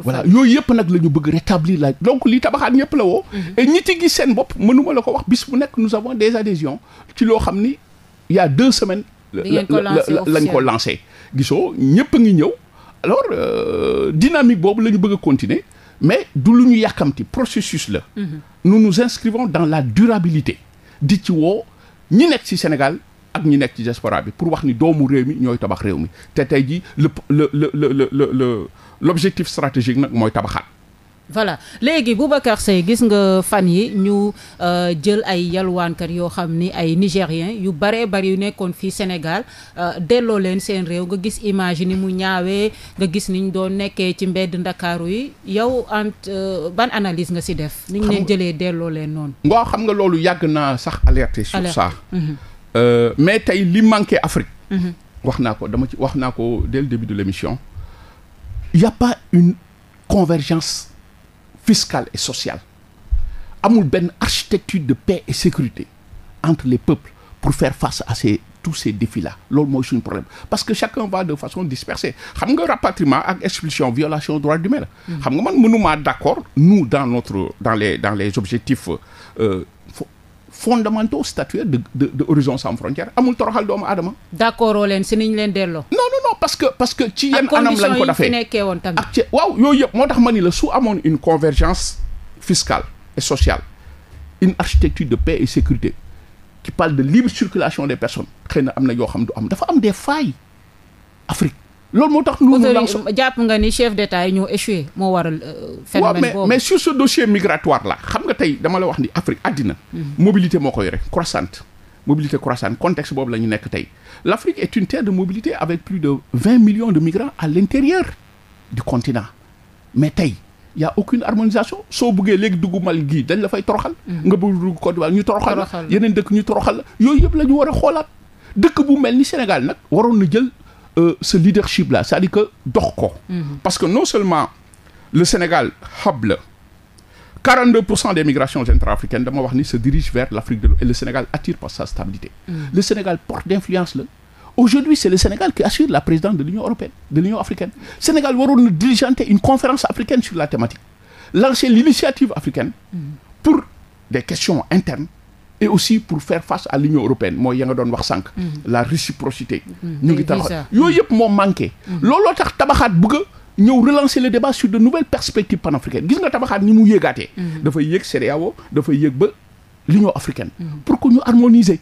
voilà yooyu yëpp nag la ñu bëgg rétablir la donc lii tabaxaat ñëpp la woo mm-hmm. et gis seen bopp mënuma la ko wax bis bu nekk nous avons des adhésions ci loo xam ni il y a deux semaines lañ ko lancé gisoo ñëpp a ngi ñëw alors euh, dynamique boobu la ñu bëgg a continuer mais du lu ñu yàkkamti processus la. Mhm. nous nous inscrivons dans la durabilité. di ci woo ñi nekk ci Sénégal ak ñi nekk ci diaspora bi pour wax ni doomu réew mi ñooy tabax réew mi te tey jii le le le le le l'objectif stratégique nag mooy tabaxaat.
voilà léegi Boubacar Seye gis nga fan yi ñu euh, jël ay yalwaankat yoo xam ni ay nigérien yu baree bari yu nekkoon fii Sénégal euh, delloo leen seen réew nga gis image ni mu ñaawee nga gis niñ doon nekkee ci mbedd ndakaaru yi yow ant euh, ban analyse nga si def niñ leen jëlee delloo leen noonu
ngoo xam nga loolu yàgg naa sax alerté sur ça mhm. euh, mais tey li manqué Afrique mhm. wax naa ko dama ci wax naa ko dès début de l'émission il y pas une convergence fiscale et sociale amul benn architecture de paix et sécurité entre les peuples pour faire face à ces tous ces défis là loolu mooy suñu problème parce que chacun va de façon dispersée xam nga rapatriement ak expulsion violation droits humains la mm. xam nga man mënumaa d'accord nous dans notre dans les dans les objectifs euh, fondamentaux statutaires de de de Horizon Sans Frontières amul toroxal doomu aadama.
d'accord leen si niñ leen delloo. non non non
parce que parce que
ci yenn anam lañ ko defee ak
ci waaw yooyu yëpp moo tax ma ni la su amoon une convergence fiscale et sociale une architecture de paix et sécurité qui parle de libre circulation des personnes xëy na am na yoo xam du am dafa
am des failles Afrique. loolu moo tax nous nous jàpp nga ni chef d'état yi ñoo échoué moo waral euh, phénomène boobu mais
sur ce dossier migratoire là xam nga tey dama la wax ni Afrique àddina mm-hmm. mobilité moo ko yore croissante mobilité croissante contexte boobu la ñu nekk tey l'Afrique est une terre de mobilité avec plus de vingt millions de migrants à l'intérieur du continent mais tey y a aucune harmonisation soo buggee léegi dugg Mali gii dañ la fay toroxal mm-hmm. nga bëgg dugg Côte d'Ivoire ñu toroxal la yeneen dëkk ñu toroxal la yooyu yëpp la ñu war a xoolaat dëkk bu mel ni Sénégal nag waroon na jël euh, ce leadership là c'est-à-dire que dox ko mhm. le Sénégal hub la 42 pour cent des migrations intra-africaines dama wax ni se dirige vers l'Afrique de l'Ouest et le Sénégal mhm. la aujourd'hui c'est le la présidence de l'Union européenne de l'Union africaine Sénégal waroon na diligenter une conférence africaine sur la thématique lancer l'initiative africaine mhm. pour des questions internes et aussi pour faire face à l'Union européenne moo ya nga doon wax sànq. Mm-hmm. la réciprocité. Mm-hmm. ñu ngi tabaxaat yooyu yëpp moo manqué. Mm-hmm. looloo tax tabaxaat bëgg ñëw relancer le débat sur de nouvelles perspectives panafricaines gis nga tabaxaat ni mu yéegaatee. dafay yéeg CEDEAO dafay yéeg ba l'Union africaine. pour que ñu harmoniser.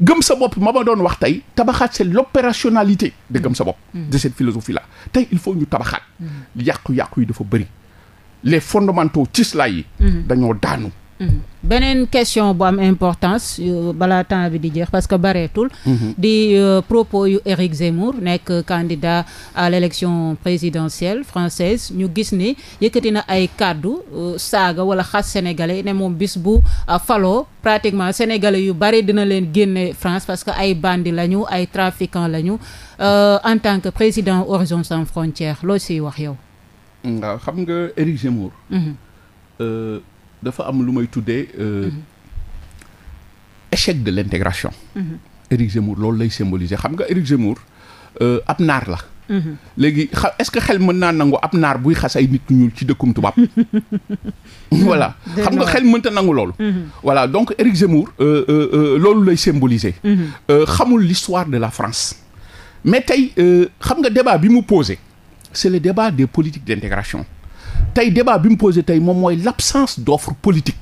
gëm sa bopp ma ma doon wax tey tabaxaat c'est l'opérationnalité de gëm sa bopp. de cette philosophie là tey il faut ñu tabaxaat. yàqu-yàqu yi dafa bëri. les fondamentaux ci yi. dañoo daanu.
Mhm. beneen question bu am importance balaa temps bi di jeex parce que bareetul. Mhm. di euh, propos yu Éric Zemmour nekk candidat à l'élection présidentielle française ñu gis ni yëkkati na ay kàddu euh, saaga wala xas sénégalais ne moom bis bu euh, faloo pratiquement sénégalais yu bari dina leen génne France parce que ay bandi lañu ay trafiquants lañu en tant que président Horizon sans frontières loo siy wax yow.
waaw xam nga Éric Zemmour. Mhm. dafa am lu may tuddee euh, mhm. échec de l'intégration mhm. Éric Zemmour loolu lay symboliser xam nga Éric Zemmour euh, ab naar la mhm. léegi xa est-ce que xel mën naa nangu ab naar buy xas ay nit ñuul ci dëkkum tubaab <laughs> voilà xam nga xel mënta nangu loolu voilà donc Éric Zemmour euh, loolu lay symboliser xamul l'histoire de la France mais tey xam nga débat bi mu posé c'est le débat des politiques d'intégration tey débat bi mu posé tey moom mooy l'absence d'offre politique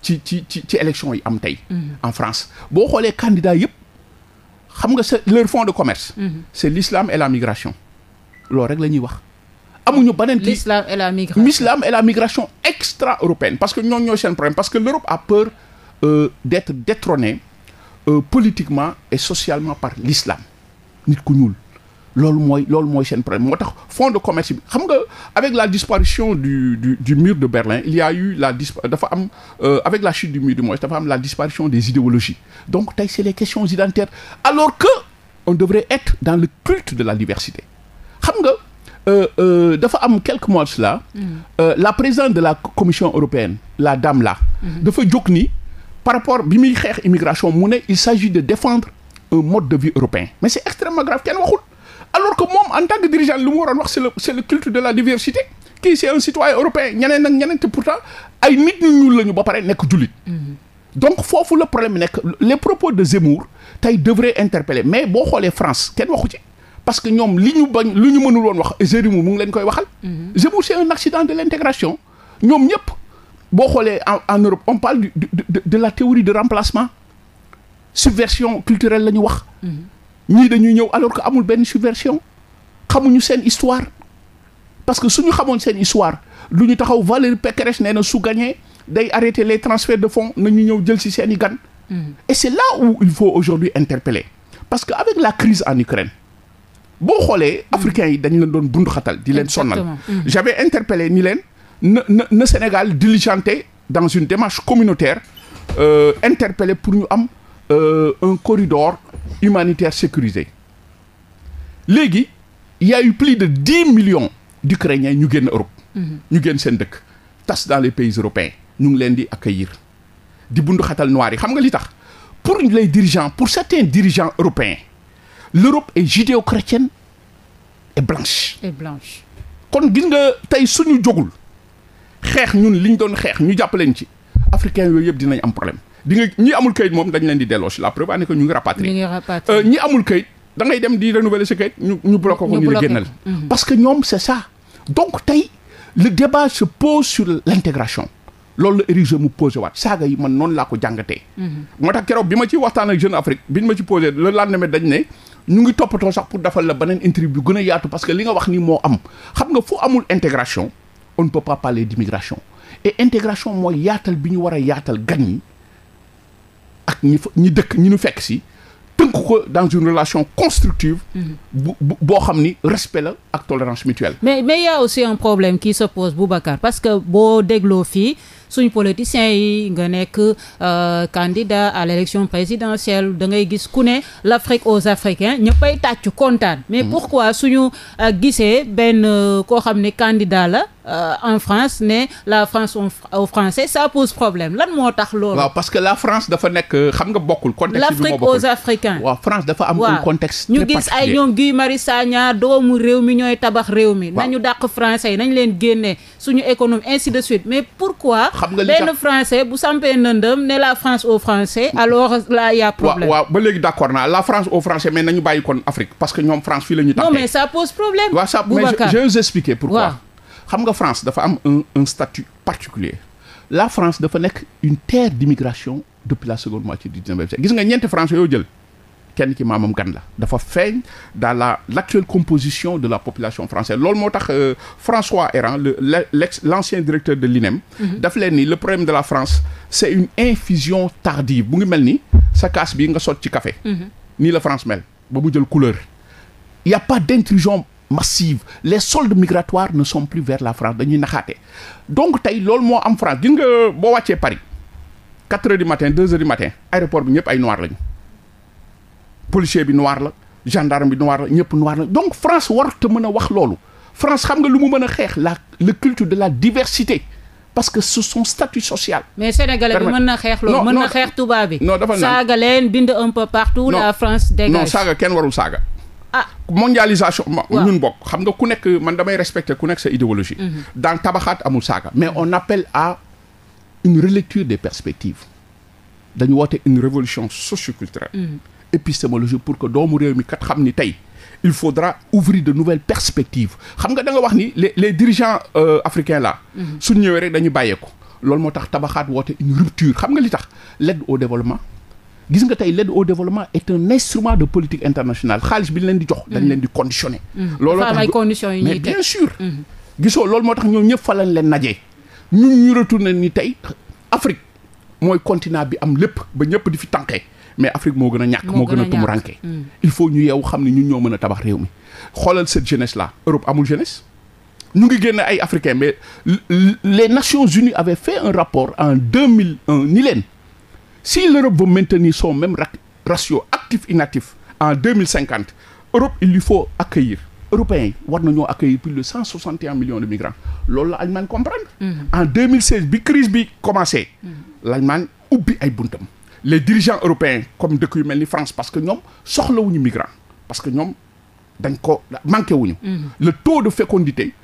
ci ci ci ci élection yi am tey. Mm-hmm. en France boo xoolee candidat yëpp xam nga se leur fonds de commerce. Mm-hmm. c'est l'islam et la migration loolu rek la ñuy wax.
amuñu beneen kii l'islam et la migration
l'islam et la migration extra-européenne parce que ñooñu ñooy seen problème parce que l'Europe a peur euh, d'être détrônée euh, politiquement et socialement par l'islam nit ku ñuul. loolu mooy loolu mooy seen problème moo tax fonds de commerce bi xam nga avec la disparition du du du mur de Berlin il y a eu la dis dafa am euh, avec la chute du mur dafa am la disparition des idéologies donc tey c'est les questions identitaires alors que on devrait être dans le culte de la diversité xam nga euh, euh, dafa am quelques mois de cela mm. la présidente de la commission européenne la dame là mm-hmm. dafa jóg ni par rapport bi muy xeex immigration mu ne il s'agit de défendre un mode de vie européen mais c'est extrêmement grave waxul alors que moom en tant que dirigeant li mu waroon wax c'est le c'est le culte de la diversité kii c'est un citoyen européen ñeneen ak ñeneen pourtant ay nit ñu ñuul lañu ba pare nekk jullit mm-hmm. donc foofu le problème nekk les propos de Zemmour tey devrait interpeller mais boo xoolee France kenn waxu ci parce que ñoom li ñu bañ li ñu mënul woon wax Zemmour mu ngi leen koy waxal mm-hmm. Zemmour c'est un accident de l'intégration ñoom ñëpp boo xoolee en Europe on parle de, de, la théorie de remplacement subversion culturelle la ñu wax mm-hmm. ñii dañuy ñëw alors que amul benn subversion xamuñu seen histoire parce que suñu xamoon seen histoire lu ñu taxaw Valérie Pécresse nee na su gañee day arrêter les transferts de fonds na ñu ñëw jël si seen i gan. Mm-hmm. et c'est là où il faut aujourd'hui interpeller parce que avec la crise en Ukraine boo xoolee. Mm-hmm. africains yi dañu leen doon dund xatal di leen sonnal. Mm-hmm. j'avais interpellé ni leen na na na Sénégal diligenté dans une démarche communautaire euh, pour ñu am. euh, un corridor humanitaire sécurisé léegi y a eu plus de dix millions d'Ukrainiens ñu génn Europe mhm. ñu génn seen dëkk tas dans les pays européens ñu ngi leen di accueillir di bundu xatal noir yi xam nga li tax pour les dirigeants pour certains dirigeants européens l'Europe et judéo-chrétienne et blanche
et blanche
kon gis nga tey suñu jógul xeex ñun liñ doon xeex ñu jàppaleen ci africains yooyu yëpp dinañ am problème di nga ñi amul kayit moom dañ leen di delloo la preuve ne que ñu ngi rapatrier euh, ñi amul kayit da ngay dem di renouveler sa kayit ñu ñu bloqué la génnal mhm. parce que ñoom c'est ça donc tey le débat se pose sur l'intégration loolu la érigé mu posé waat saaga yi man noonu laa ko jàngatee mhm. moo tax keroog bi ma ci waxtaan ak Jeune Afrique bi ñu ma ci posé le lendemain dañ ne ñu ngi toppatoo sax pour defal la beneen interview bu gën a yaatu parce que li nga wax ni moo am xam nga fu amul intégration on ne peut pas parler d'immigration et bi ñu war a yaatal gan yi ak ñi fa ñi dëkk ñi ñu fekk si tënk ko dans une relation constructive. Mhm. boo xam ni respect la ak tolérance mutuelle.
mais mais y a aussi un problème qui se pose Boubacar parce que boo dégloo fii. suñu politiciens yi nga nekk euh, candidat à l'élection présidentielle da ngay gis ku ne l'Afrique aux Africains ñëppay tàccu kontaan mais mhm. pourquoi suñu euh, gisee benn euh, koo xam ne candidat la Euh, en France ne la France aux Français ça pose problème lan moo tax loolu. waaw
parce que la France dafa nekk euh, xam nga bokkul. contexte bi moo bokkul l'Afrique aux Africains. waaw France dafa am un contexte. très particulier ñu gis ay ñoom
Guy Marius Sagna doomu réew mi ñooy tabax réew mi. nañu dàq français yi nañu leen génne suñu économie ainsi de suite mais pourquoi. xam nga benn français bu sampee nëndëm ne la France aux Français alors là y a problème.
waaw waaw ba léegi d'accord naa la France aux Français mais nañu bàyyi kon Afrique parce que ñoom France fii la ñu. non mais
ça pose problème. Boubacar waaw ça mais je vais
vous expliquer pourquoi. xam nga France dafa am un un statut particulier la France dafa nekk une terre d'immigration depuis la seconde moitié du dix gis nga ñeenti français yoo jël kenn ci maamam gan la dafa feeñ dans la l'actuelle composition de la population française loolu moo tax euh, François Héran le l'ex l'ancien directeur de l'INEM mhm. daf leen ni le problème de la France c'est une infusion tardive bu ngi mel ni sa kaas bi nga sot ci kafe mhm. nii la France mel ba mu jël couleur il y a pas d'intrusion massive les soldes migratoires ne sont plus vers la France dañuy naxaate donc tey loolu moo am France gis nga boo wàccee Paris quatre heures du matin deux heures du matin aéroport bi ñëpp ay noir lañu policier bi noir la gendarme bi noir la ñëpp noir la donc France warut a mën a wax loolu France xam nga lu mu mën a xeex la le culte de la diversité parce que ce sont statut social.
mais sénégalais bi mën na xeex loolu. mën na xeex
tubaab bi. non dafa naan saaga
leen bind un peu partout. la France dégage
kenn warul saaga. ah mondialisation ñun bokk xam nga ku nekk man damay respecter ku nekk sa idéologie mhm. dans tabaxaat amul saaga mais on appelle une relecture des perspectives dañu woote une révolution socioculturelle mhm. épistémologique pour que doomu réew mi kat xam ni tey il faudra ouvrir de nouvelles perspectives xam nga da wax ni le les dirigeants euh, africains la mhm. suñ ñëwee rek dañu bàyyeeku loolu moo tax tabaxaat woote une rupture xam nga li tax l'aide au développement gis nga tey l'aide au développement est un instrument de politique internationale xaalis bi ñu leen di jox. dañ mm-hmm. leen di conditionné.
Mm-hmm. looloo tax yi mais bien sûr. Mm-hmm.
gisoo loolu moo tax ñoom ñëpp fa lañ leen najee ñun ñu retourné ni tey Afrique mooy continant bi am lépp ba ñëpp di fi tànkee mais Afrique moo gën a ñàkk moo gën a tumuranke mm. il faut ñu yeewu xam ne ñu ñoo mën a tabax réew mi xoolal cette jeunesse la Europe amul jeunesse ñu ngi génn ay africains mais les Nations Unies avaient fait un rapport en deux mille un leen si l'Europe veut maintenir son même ratio actif-inactif en deux mille cinquante Europe il lui faut accueillir européens yi war nañoo accueillir plus de cent soixante et un millions de migrants loolu la Allemagne comprendre. Mm-hmm. en deux mille seize bi crise bi commencé. Mm-hmm. l'Allemagne ubbi ay buntam. les dirigeants européens comme dëkk yu mel ni France parce que ñoom soxlawuñu migrants parce que ñoom dañ ko manqué wuñu. Mm-hmm. le taux de fécondité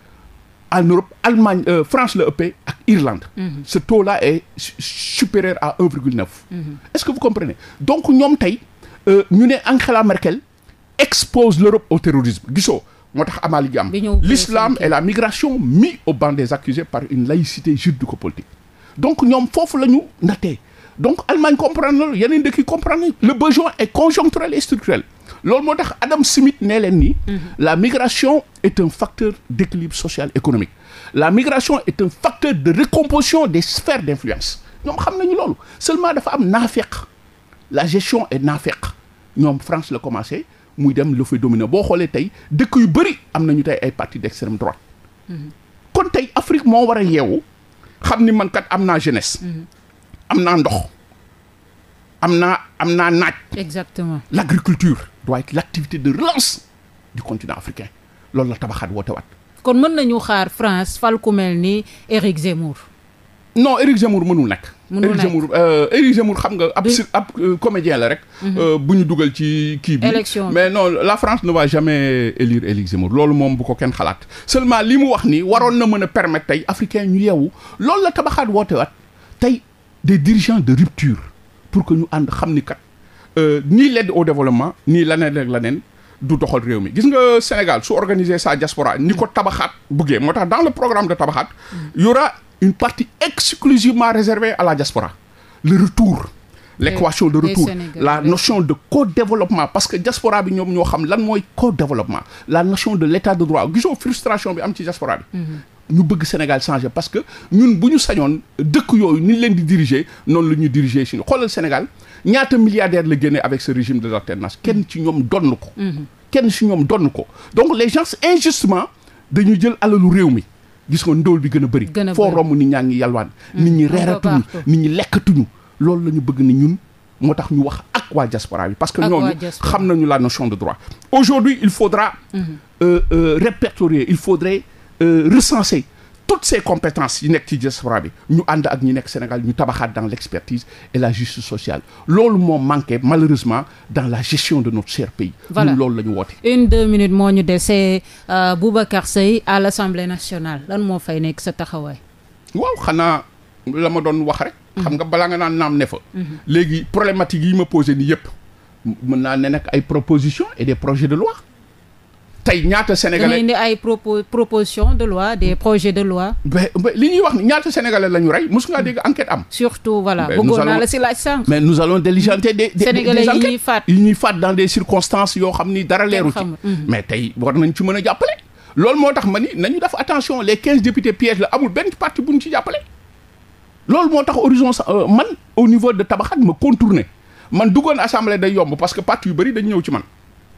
en Europe Allemagne euh, France la ëppee ak Irlande. Mmh. ce taux là est supérieur à mhm. est-ce que vous comprenez donc ñoom tey euh, ñu ne Angela Merkel expose l'Europe au terrorisme gisoo moo tax amaal gi am. l'islam et la migration mis au banc des accusés par une laïcité juridico-politique donc ñoom foofu la ñu nattee donc Allemagne comprendre loolu yeneen dëkk yi comprendre le besoin est conjoncturel et structurel loolu moo tax Adam Smith nee leen ni mhm. la migration est un facteur d'équilibre social économique la migration est un facteur de recomposition des sphères d'influence ñoom xam nañu loolu seulement dafa am naafeq la gestion est naafeq ñoom France la commencé muy dem la fay dominer boo xoolee tey dëkk yu bëri am nañu tey ay parti d'extrême droite mhm. kon tey Afrique moo war a yeewu xam ni man am naa jeunesse mhm. am naa ndox am naa am naa naaj.
exactement
l' agriculture doit être l' activité de relance du continent africain loolu la tabaxaat woote waat.
kon mën nañu xaar France fal ku mel ni Éric Zemmour.
non Éric Zemmour mënul nekk.
mënul nekk
euh, Éric Zemmour xam nga ab ab euh, comédien la rek. Mhm. Euh, bu ñu dugal ci kii bi. mais non la France ne va jamais élire Éric Zemmour loolu moom bu ko kenn xalaat seulement li mu wax nii waroon na mën a permettre tey africain ñu yeewu loolu la tabaxaat woote wat tey. des dirigeants de rupture pour que ñu ànd xam ni kat euh, nii l'aide au développement nii laneen ak laneen du doxal réew mi gis nga Sénégal su organiser sa diaspora ni ko tabaxaat buggee moo tax dans le programme de tabaxaat y aura une partie exclusivement réservée à la diaspora le retour l'équation de retour la notion de co-développement parce que diaspora bi ñoom ñoo xam lan mooy co-développement la notion de l'état de droit gisoo frustration bi am ci diaspora bi mm-hmm. ñu bëgg Sénégal changer parce que ñun bu ñu sañoon dëkk yooyu ni leen di diriger noonu la ñuy diriger si ñu xoolal Sénégal ñaata milliardaire la génne avec ce régime de l'alternance kenn ci ñoom donn ko mhm. kenn ci ñoom donn ko donc les gens injustement dañu jël lu réew mi gis nga ndóol bi gën a bëri foo romb ni ñaa ngi yalwaan mhm. nit ñi reeratuñu nit ñi lekkatuñu loolu la ñu bëgg ni ñun moo tax ñu wax ak waa diaspora bi parce que ñooñu xam nañu la notion de droit aujourd'hui il faudra mhm. euh, euh, il faudrait Euh, recenser toutes ces compétences yi nekk ci diaspora bi ñu ànd ak ñu nekk Sénégal ñu tabaxaat dans l'expertise et la justice sociale loolu moo manqué malheureusement dans la gestion de notre cher pays. voilà loolu la ñu woote.
une deux minutes moo ñu dese euh, Boubacar Seye à l'Assemblée nationale lan moo fay nekk sa taxawaay.
waaw xanaa la ma doon wax rek. Mhm. xam nga balaa nga naan naam ne fa. Mhm. léegi problématique yi ma posé nii yëpp mën naa ne nag ay propositions et des projets de loi. tey ñaata sénégalais dañuy
indi ay propos proposition de loi des mm. projets de loi. li ñuy wax ñaata sénégalais la ñu rey mos ngaa dégg am. surtout
voilà bëggoon naa la si laaj sànq. mais nous allons diligenter des des sénégalais yi faat yi ñuy faat dans des circonstances yoo xam ni dara leeru mm-hmm. mais tey war nañ ci mën a jàppale. loolu moo tax ma ni nañu def attention les quinze députés pièges la amul benn parti bu ñu ci jàppale. loolu moo tax horizon euh, man au niveau de tabaxat ma contourné man duggoon assemblée day yomb parce que parti yu bëri dañu ñëw ci man.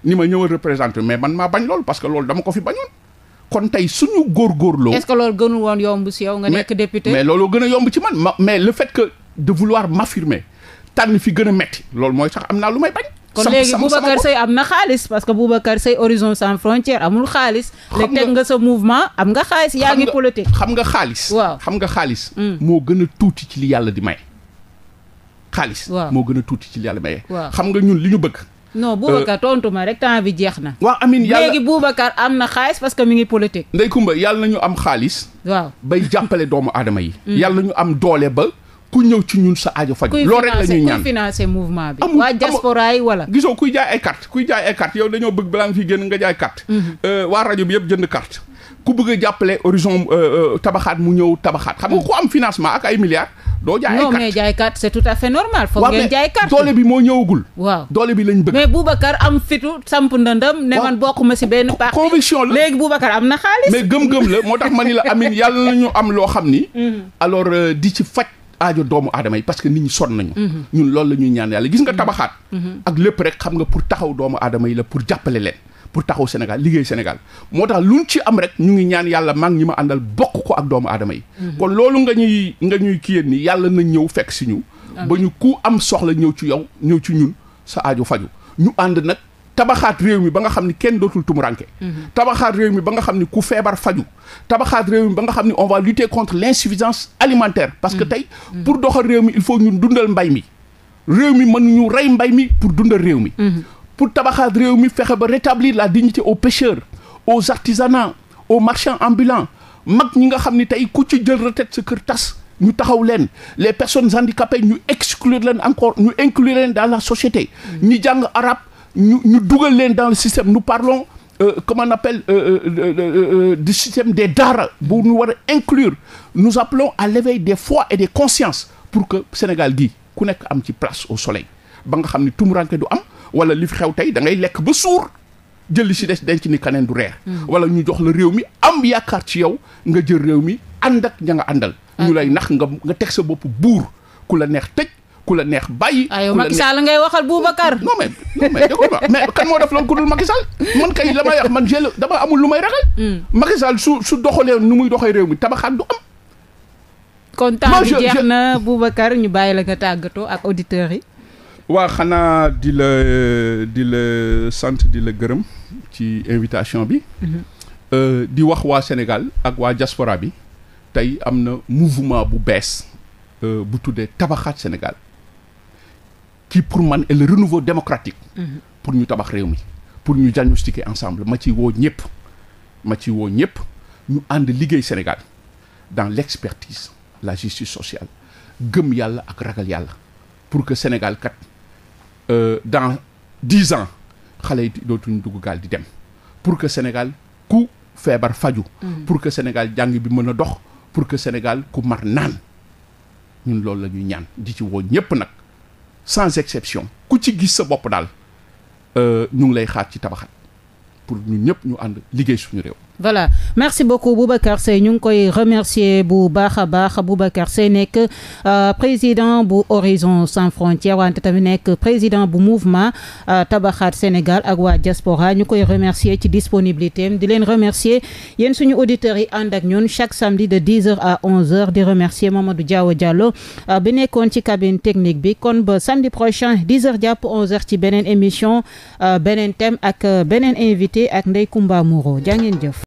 ni ma ñëwal représenté mais man maa bañ loolu parce que loolu dama ko fi bañoon kon tey suñu góorgóorloo. est-ce que
loolu gënul woon yomb si yow. nga nekk député mais
loolu gën a yomb ci man ma mais le fait que de vouloir m'affirmer tànn fi gën a metti loolu mooy sax am naa lu may bañ. kon léegi Boubacar Seye am
na xaalis parce que Boubacar Seye Horizon sans frontières amul xaalis. xam teg nga sa mouvement am nga xaalis yaa ngi politique. xam nga xaalis. waaw xam nga xaalis. Mm.
moo gën a tuuti ci li yàlla di may. xaalis. waaw moo gën a tuuti ci li yàlla xam nga li ñu bëgg.
non euh, Boubacar tontu ma rek temps bi jeex na.
waa amin yàlla léegi
Boubacar am na xaalis parce que mi ngi politique.
ndey Kumba yàlla nañu am xaalis. waaw bay jàppale doomu aadama yi. Mm. yàlla ñu am doole ba. ku ñëw ci ñun sa aajo faj. loolu rek la ñuy ñaan kuy
financé mouvement bi. waa diaspora yi wala.
gisoo kuy jaay ay carte kuy jaay ay carte yow dañoo bëgg balaa nga fi génn nga jaay carte. Mm-hmm. Euh, waa rajo bi yëpp jënd carte. ku bëgg a jàppale horizon euh, tabaxaat mu ñëw tabaxaat. xam nga mm. ku am financement ak ay milliards. doo jaayee carte non mais
jaay carte c'est tout à fait normal. foog ngeen jaay carte doole bi moo ñëwagul. waaw doole bi lañ bëgg. mais Boubacar am fitu samp ndëndam. ne man bokkuma ci benn parti. conviction la léegi Boubacar am na xaalis. mais gëm-gëm la
moo tax ma ni la Amine yàlla nañu am loo xam ni. Mm-hmm. alors euh, di ci faj aajo doomu aadama yi parce que nit ñi son nañu. Mm-hmm. ñun loolu la ñuy ñaan yàlla gis nga mm-hmm. tabaxaat. ak lépp rek xam nga pour taxaw doomu aadama yi la pour jàppale leen pour taxaw Sénégal liggéey Sénégal moo tax luñ ci am rek ñu ngi ñaan yàlla mag ñi ma àndal bokk ko ak doomu aadama yi mhm. kon loolu nga ñuy nga ñuy kiyéen ni yàlla na ñëw fekk si ñu ba ñu ku am soxla ñëw ci yow ñëw ci ñun sa aajo faju ñu ànd nag tabaxaat réew mi ba nga xam ni kenn dootul tumuranke mhm. tabaxaat réew mi ba nga xam ni ku feebar faju tabaxaat réew mi ba nga xam ni on va lutter contre l'insuffisance alimentaire parce que mhm. tey pour doxal réew mi il faut ñun dundal mbay mi réew mi mën ñu rey mbay mi pour dundal réew mi pour tabaxaat réew mi fexe ba rétablir la dignité aux pêcheurs aux artisanats aux marchands ambulants mag ñi nga xam ni tey ku ci jël retraite sa kër tas ñu taxaw leen les personnes handicapées ñu exclure leen encore ñu inclure leen dans la société ñi jàng arabe ñu ñu dugal leen dans le système nu parlons Euh, comment on appelle euh, euh, euh, euh, du système des daara bu ñu war a inclure nous appelons à l'éveil des foi et des consciences pour que Sénégal gi ku nekk am ci place au soleil ba nga xam ni tumuranke du am wala li fi xew tey da ngay lekk ba suur jël li si des denc ni kaneen du reer. Mm. wala ñu jox la réew mi am yaakaar ci yow nga jël réew mi ànd ak ña nga àndal. Ah. ñu lay nax nga nga teg sa bopp buur ku la neex tëj. ku la neex bàyyi. aywa ah, Macky Sall
ngay waxal Boubacar. non mais non
kan moo def la ku dul Macky Sall man kay la may wax man jël dama amul lu may ragal. Mm. Macky su su doxalee nu muy doxee réew mi tabaxaat du am.
kon temps bi jeex na Boubacar ñu bàyyi la nga tàggatoo ak auditeurs yi.
waa xanaa di la di la sant di la gërëm ci invitation bi. Mhm. Euh, di wax waa Sénégal ak waa diaspora bi tey am na mouvement bu bees euh, bu tuddee tabaxaat Sénégal qui pour man est le renouveau démocratique. Mhm. pour ñu tabax réew mi pour ñu diagnostiquer ensemble ma ci woo ñëpp ma ci woo ñëpp ñu ànd liggéey Sénégal dans l'expertise la justice sociale gëm yàlla ak ragal yàlla pour que sénégalkat Euh, dans dix ans xale yi dootuñ dugg gaal di dem pour que Sénégal ku feebar faju mm. pour que Sénégal jàng bi mën a dox pour que Sénégal ku mar naan ñun loolu la ñuy ñaan di ci woo ñëpp nag sans exception ku ci gis sa bopp daal euh, ñu ngi lay xaar ci tabaxat pour ñun ñëpp ñu ànd liggéey suñu réew.
voilà merci beaucoup Boubacar Seye ñu ngi koy remercier bu baax a baax Boubacar Seye nekk euh, président bu Horizon Sans Frontières wante tamit nekk président bu mouvement euh, tabaxaat Sénégal ak waa diaspora ñu koy remercier ci disponibilité am di leen remercier yéen suñu auditeurs yi ànd ak ñun chaque samedi de 10h à 11h di remercier Mamadou Diaw Diallo euh, bi nekkoon ci cabine technique bi kon ba samedi prochain 10h jàpp 11h ci beneen émission beneen thème ak beneen invité ak Ndeye Comba Moreau jaa jëf.